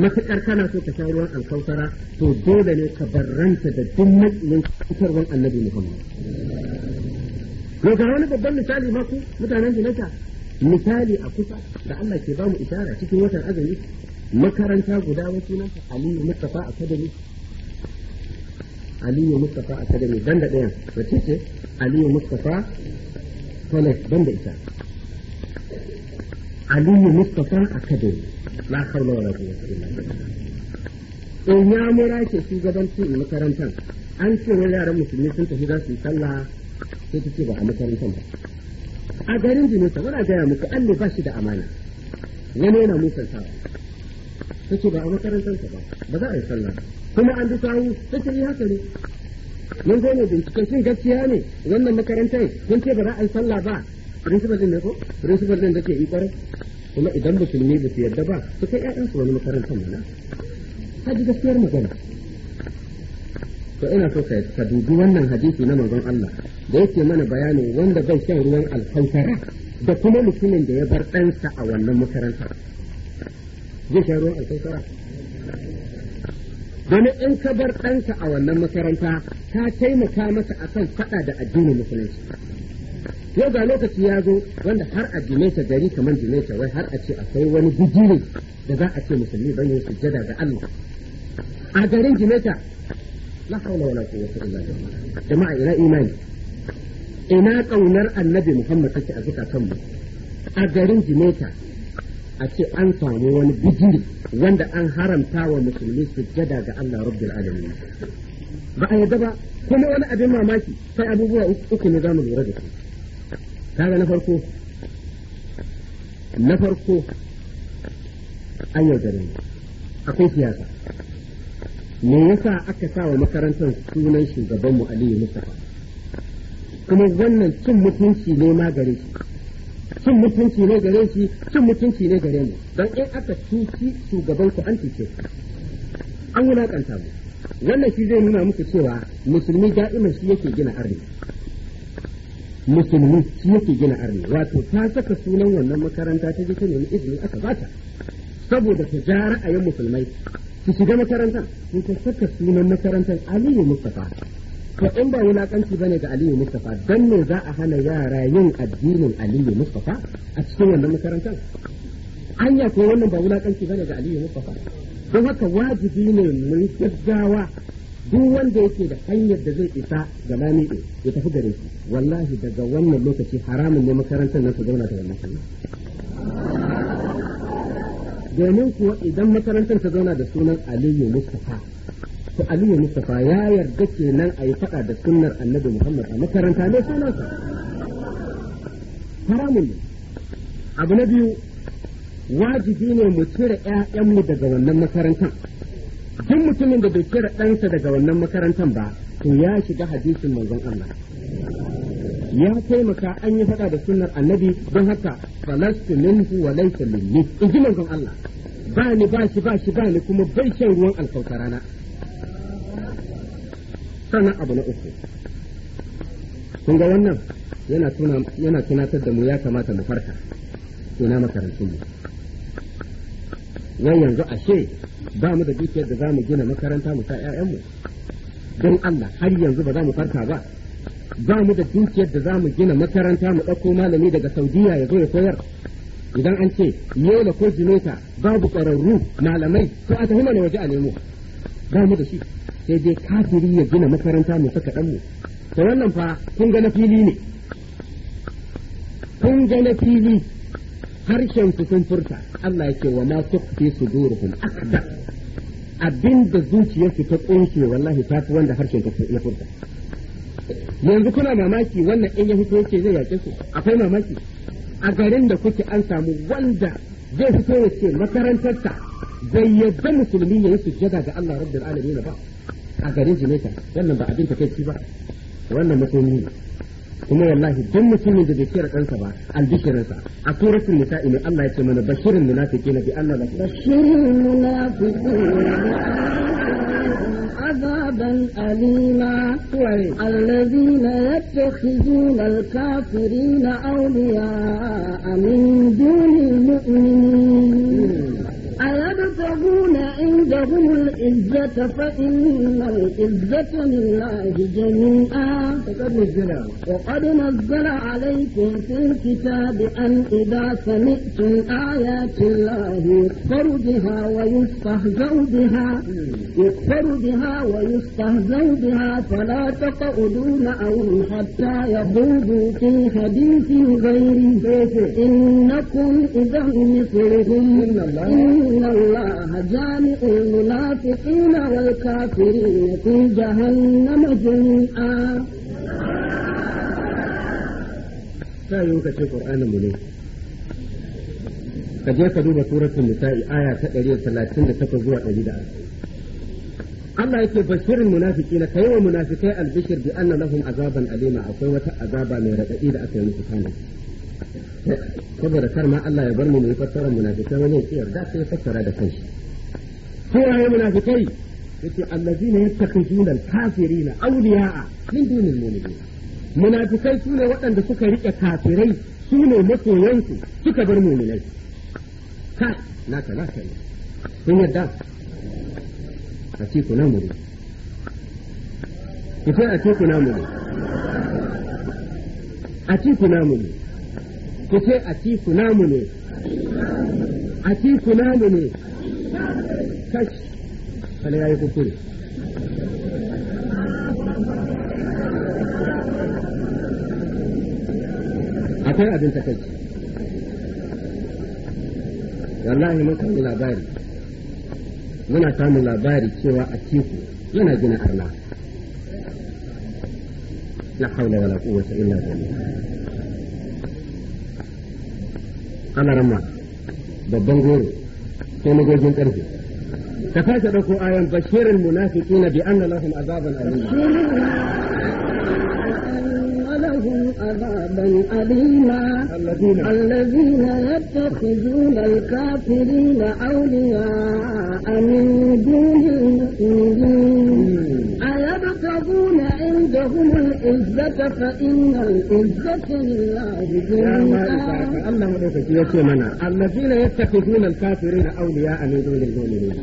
matuƙar kana so ka sha ruwan alkautara to dole ne ka barranta da duk matsalin kautarwar annabi muhammad lokacin wani babban misali ma ku mutanen jinata misali a kusa da allah ke ba mu cikin watan azumi makaranta guda wasu sunanta aliyu mustafa academy aliyu mustafa academy dan da ɗayan wace ce aliyu mustafa college dan da ita aliyu mustafa na la haula wala quwwata na billah in ya mura ke shugabancin makarantar an ce wani yaran musulmi sun tafi za su yi sallah sai ta ce ba a makarantar ba a garin jinusa wani gaya muku an ne ba shi da amana wani yana musantawa take ba a ta ba ba za a yi sallah kuma an bi sawu take yi haka ne mun zo ne bincike shin gaskiya ne wannan makarantar kun ce ba za a yi sallah ba principal din ne ko principal din ke yi kwarai kuma idan musulmi ba su yarda ba su kai ƴaƴan su wani makarantar mana ta ji gaskiyar magana to ina so ka ka dubi wannan hadisi na manzon Allah da yake mana bayani wanda bai shan ruwan alkautara da kuma mutumin da ya bar ɗansa a wannan makarantar zai sha ruwan alkausara domin in ka bar ɗanka a wannan makaranta ta taimaka masa akan faɗa da addinin musulunci yau ga lokaci ya zo wanda har a jimaita gari kamar jimaita wai har a ce akwai wani bijiri da za a ce musulmi ban su sujjada ga Allah a garin jimaita la haula wala quwwata illa billah jama'a ina imani ina kaunar annabi Muhammad take a kanmu a garin jimaita a ce an samu wani bijiri wanda an haramta wa musulmi jada ga Allah rabbil alamin ba a yadda ba kuma wani abin mamaki sai abubuwa uku ne zamu lura da su kaga na farko na farko an ne akwai siyasa me yasa aka sa wa makarantar sunan shugabanmu Aliyu Mustafa kuma wannan cin mutunci ne ma gare shi cin mutunci ne gare shi cin mutunci ne gare mu don in aka cuci shugaban ku an cuce an wulakanta mu wannan shi zai nuna muku cewa musulmi da'iman shi yake gina arni musulmi shi yake gina arni wato ta saka sunan wannan makaranta ta ji ta nemi izini aka bata saboda ta ja ra'ayin musulmai su shiga makarantar sai ta saka sunan makarantar aliyu mustafa to in ba wulakanci bane ga Aliyu Mustafa dan ne za a hana yara yin addinin Aliyu Mustafa a cikin wannan makarantar Hanya ko wannan ba wulakanci bane ga Aliyu Mustafa don haka wajibi ne mun gaggawa duk wanda yake da hanyar da zai isa ga lamiɗe ya tafi gare shi wallahi daga wannan lokaci haramun ne makarantar nan su zauna da wannan sunan domin kuwa idan makarantar ta zauna da sunan Aliyu Mustafa to aliyu mustafa ya yarda kenan a yi faɗa da sunnar annabi muhammad a makaranta ne sunansa haramun ne abu na biyu wajibi ne mu cire 'ya'yanmu daga wannan makarantar duk mutumin da bai cire ɗansa daga wannan makarantar ba to ya shiga hadisin manzon Allah ya taimaka an yi faɗa da sunnar annabi don haka falastu minhu wa laysa minni in ji manzon Allah ba ni ba shi ba shi ba ni kuma bai shan ruwan alkautarana sana abu na uku kun ga wannan yana tunatar da mu ya kamata mu farka tuna makarantun mu wai yanzu ashe ba mu da dukiyar da za mu gina makaranta mu sa 'ya'yanmu don Allah har yanzu ba za mu farka ba ba mu da dukiyar da za mu gina makaranta mu ɗauko malami daga Saudiya ya zo ya koyar idan an ce yola ko jinota babu ƙwararru malamai ko a tahi mana waje a nemo ba mu da shi sai dai kafiri ya gina makaranta musa saka ɗanmu to wannan fa kun ga fili ne kun ga na fili harshen su sun furta Allah yake wa ma tukfi suduruhum akbar abinda zuciyarsu ta kunshe wallahi ta fi wanda harshen ta ya furta yanzu kuna mamaki wannan in ya fito yake zai yake su akwai mamaki a garin da kuke an samu wanda zai fito ya ce makarantarsa زي الدم السلمية يسو الجدع جاء الله رب العالمين بقى حاجة ريزي ميتا يلا بعدين فكيد في بقى وانا مسلمين وما والله الدم السلمية دي بشيرة انسا بقى البشيرة انسا عطورة النساء من الله يتمنى بشير المنافقين بي الله بقى بشير المنافقين عذابا أليما الذين يتخذون الكافرين أولياء من فإن العزة لله جميعا وقد نزل عليكم في الكتاب أن إذا سمعتم آيات الله يكفر بها ويستهزأ بها يكفر بها ويستهزأ بها فلا تقعدوا معهم حتى يخوضوا في حديث غيره إنكم إذا مثلهم إن الله جامع المنافقين المؤمنين والكافرين في جهنم جميعا kayan ka ce ƙur'anin mu ne ka je ka duba suratul nisa'i aya ta 138 zuwa 100 Allah yake bashirin munafiki na kai wa munafikai albishir bi anna lahum azaban alima akwai wata azaba mai raɗaɗi da aka yi musu kana saboda kar ma Allah ya bar mu mu yi fassara munafikai wani ya yarda sai fassara da kanshi Kuwa ya munafitai yadda Allah zina yadda tafi junar kafiri na auni ya'a. Munafitai sune waɗanda suka rike kafirai sune mutuwan suka bar muminai. Ka na ta na ta ne sun yarda ku ce a teku na mu ne? Ku ce a teku na mu ne? A teku Ku ce ne? A teku na mu ne. kashi sai ya yi kuskure akwai abin takaici wallahi mun samu labari muna samun labari cewa a teku yana gina arna la haula wala quwwata illa billah ana ramma babban goro sai magogin karfe ka sake dauko ayan bashirin munafiqina bi anna lahum azaban alim عذابا أليما الذين يتخذون الكافرين أولياء من دون المؤمنين أيبتغون عندهم العزة فإن العزة لله جميعا الله مدوكك يتي منا الذين يتخذون الكافرين أولياء من دون المؤمنين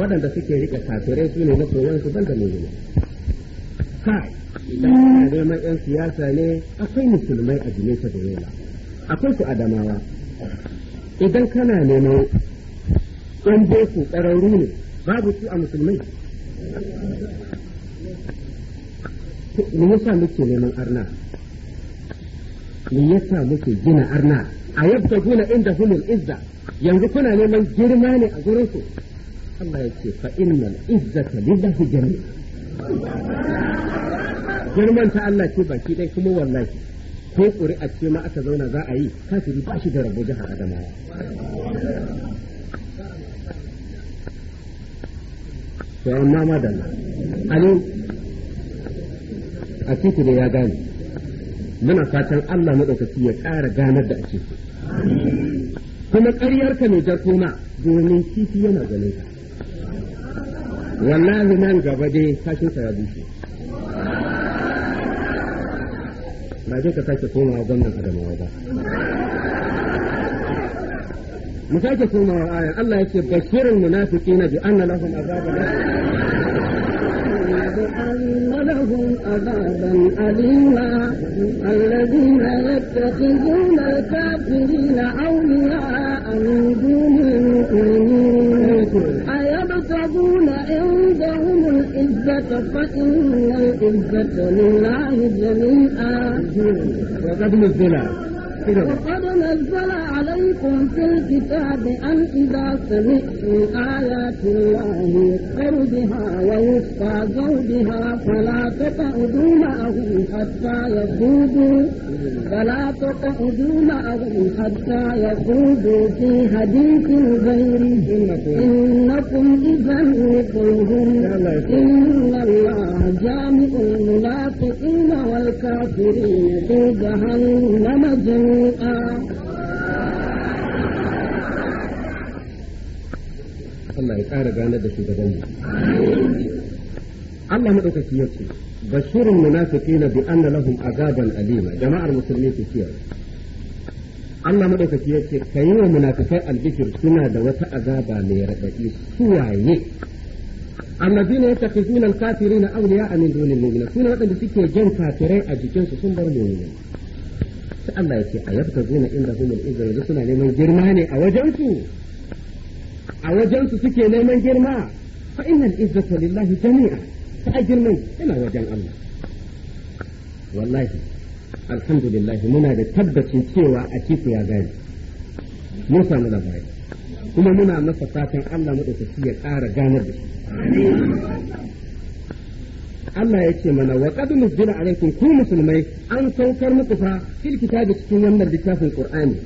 waɗanda suke riƙe kafirai su ne masoyansu ban da mumini kai neman yan siyasa ne akwai musulmai a jinesa da yola akwai su adamawa idan kana neman yan boko ƙararru ne babu su a musulmai me yasa muke neman arna me yasa muke gina arna a yadda gina inda hulul izza yanzu kuna neman girma ne a gurin su Allah ya ce fa innal izzata lillahi jami'a girman ta Allah ce baki dai kuma wallahi ko ƙuri'a ce ma aka zauna za a yi kafiri ba shi da rabo jihar Adamawa to amma madalla ani a titi da ya gane muna fatan Allah madaukaki ya ƙara ganar da ake kuma ƙaryarka ne jarkoma domin kifi yana ganin ka wallahi nan gaba dai kashin sa ya bushe ما دمت فايتكما ظنا قدم وضع مفاجأة المرأة الله يبشر المنافقين بأن لهم عذابا بأن لهم عذابا أليما الذين يتخذون الكافرين أولياء من دون المؤمنين أيوة. يبتغون عندهم العزة فإن العزة لله جميعا وقد نزل وقد نزل عليكم في الكتاب أن إذا سمعتم آيات الله يكفر بها ويستهزأ بها فلا تقعدوا معهم حتى يخوضوا فلا تقعدوا معهم حتى يخوضوا في حديث غيره إنكم إذا مثلهم إن الله جامع المنافقين والكافرين في جهنم جميعا Allah ya ƙara ganar da shugaban mu Allah mu madaukaki ya ce bashirin munafiqina bi anna lahum azaban alima jama'ar musulmi su kiyaye Allah madaukaki ya ce ka yi wa munafikai albishir suna da wata azaba mai raɗaɗi suwaye annabina ya tafi sunan kafiri na auliya a min dunin mumina suna waɗanda suke jan kafirai a jikinsu sun bar mumina sai Allah ya ce a yabta zuna inda humul izra suna neman girma ne a wajensu a wajen su suke neman girma fa innal izzata lillahi jami'a ta girman yana wajen Allah wallahi alhamdulillah muna da tabbacin cewa a kiku ya gani mun samu bai kuma muna masa fatan Allah madaukaki ya ƙara ganar da shi Allah ya ce mana wa qad nuzila alaikum ku musulmai an saukar muku fa fil kitabi cikin wannan littafin Qur'ani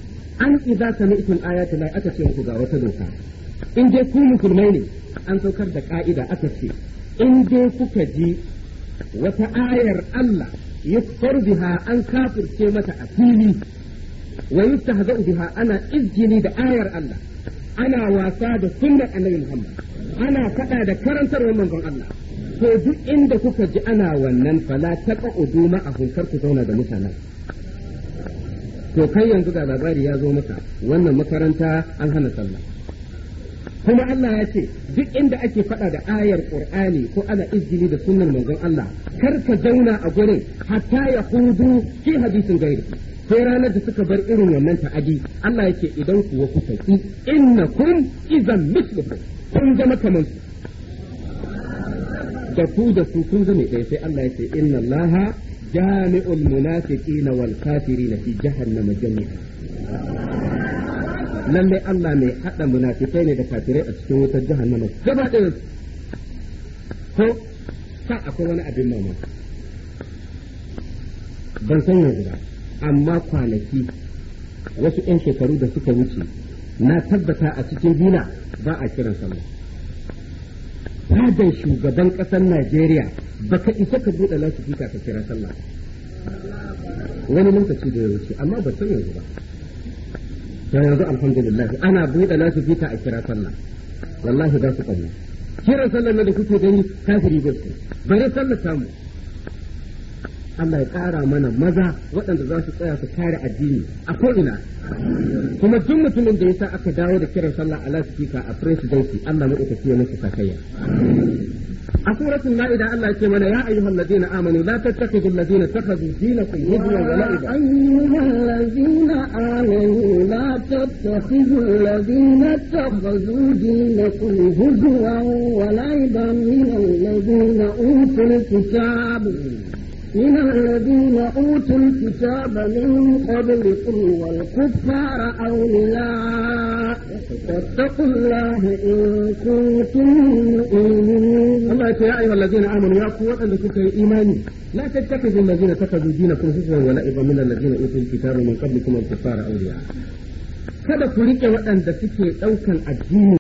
an idza sami'tum ayati la aka ce muku ga wata doka in dai ku musulmai ne an saukar da ka'ida aka ce in dai kuka ji wata ayar Allah yukfar biha an kafirce mata a fili wa yustahza'u biha ana izgini da ayar Allah ana wasa da sunnar annabi Muhammad ana faɗa da karantarwar manzon Allah to duk inda kuka ji ana wannan fala taɓa ma a hunkar ku zauna da mutanen to kai yanzu ga labari ya zo maka wannan makaranta an hana sallah kuma Allah ya ce duk inda ake faɗa da ayar Qur'ani ko ana izini da sunnar manzon Allah kar ka zauna a gurin hatta ya hudu fi hadisin gairi sai ranar da suka bar irin wannan ta'adi Allah ya ce idan kuwa ku ki innakum idan mislukum kun zama kaman su da ku da su kun zama ɗaya sai Allah ya ce inna Allah jami'ul munafiqina wal kafirina fi jahannama jami'a lalle Allah mai haɗa munafikai ne da kafirai a cikin wutar jahannama gaba ɗaya ko sa akwai wani abin mama ban san yanzu ba amma kwanaki wasu 'yan shekaru da suka wuce na tabbata a cikin dina ba a kiran sama. fadan shugaban ƙasar Najeriya baka isa ka buɗe lasifika ka kira sallah wani lokaci da ya wuce amma ba san yanzu ba da yanzu alhamdulillah ana buɗe nasu fita a kira sallah wallahi za su ƙabu kira sallah na da kuke gani kafiri ba su bari sallah samu Allah ya ƙara mana maza waɗanda za su tsaya su kare addini a ko'ina kuma duk mutumin da ya sa aka dawo da kiran sallah a lasifika a presidency Allah maɗaukaki ya masa sakayya أسورة لا إذا ألا يتمنى يا أيها الذين آمنوا لا تتخذوا الذين اتخذوا دينكم هزوا ولعبا أيها الذين آمنوا لا تتخذوا الذين اتخذوا دينكم هزوا ولعبا من الذين أوتوا الكتاب من الذين أوتوا الكتاب من قبلكم والكفار أولياء واتقوا الله إن كنتم مؤمنين أما يا أيها الذين آمنوا يا قوة أن تكون إيماني لا تتخذوا الذين اتخذوا دينكم هزوا ولعبا من الذين أوتوا الكتاب من قبلكم والكفار أولياء كذا ku وأن waɗanda أوكل الدين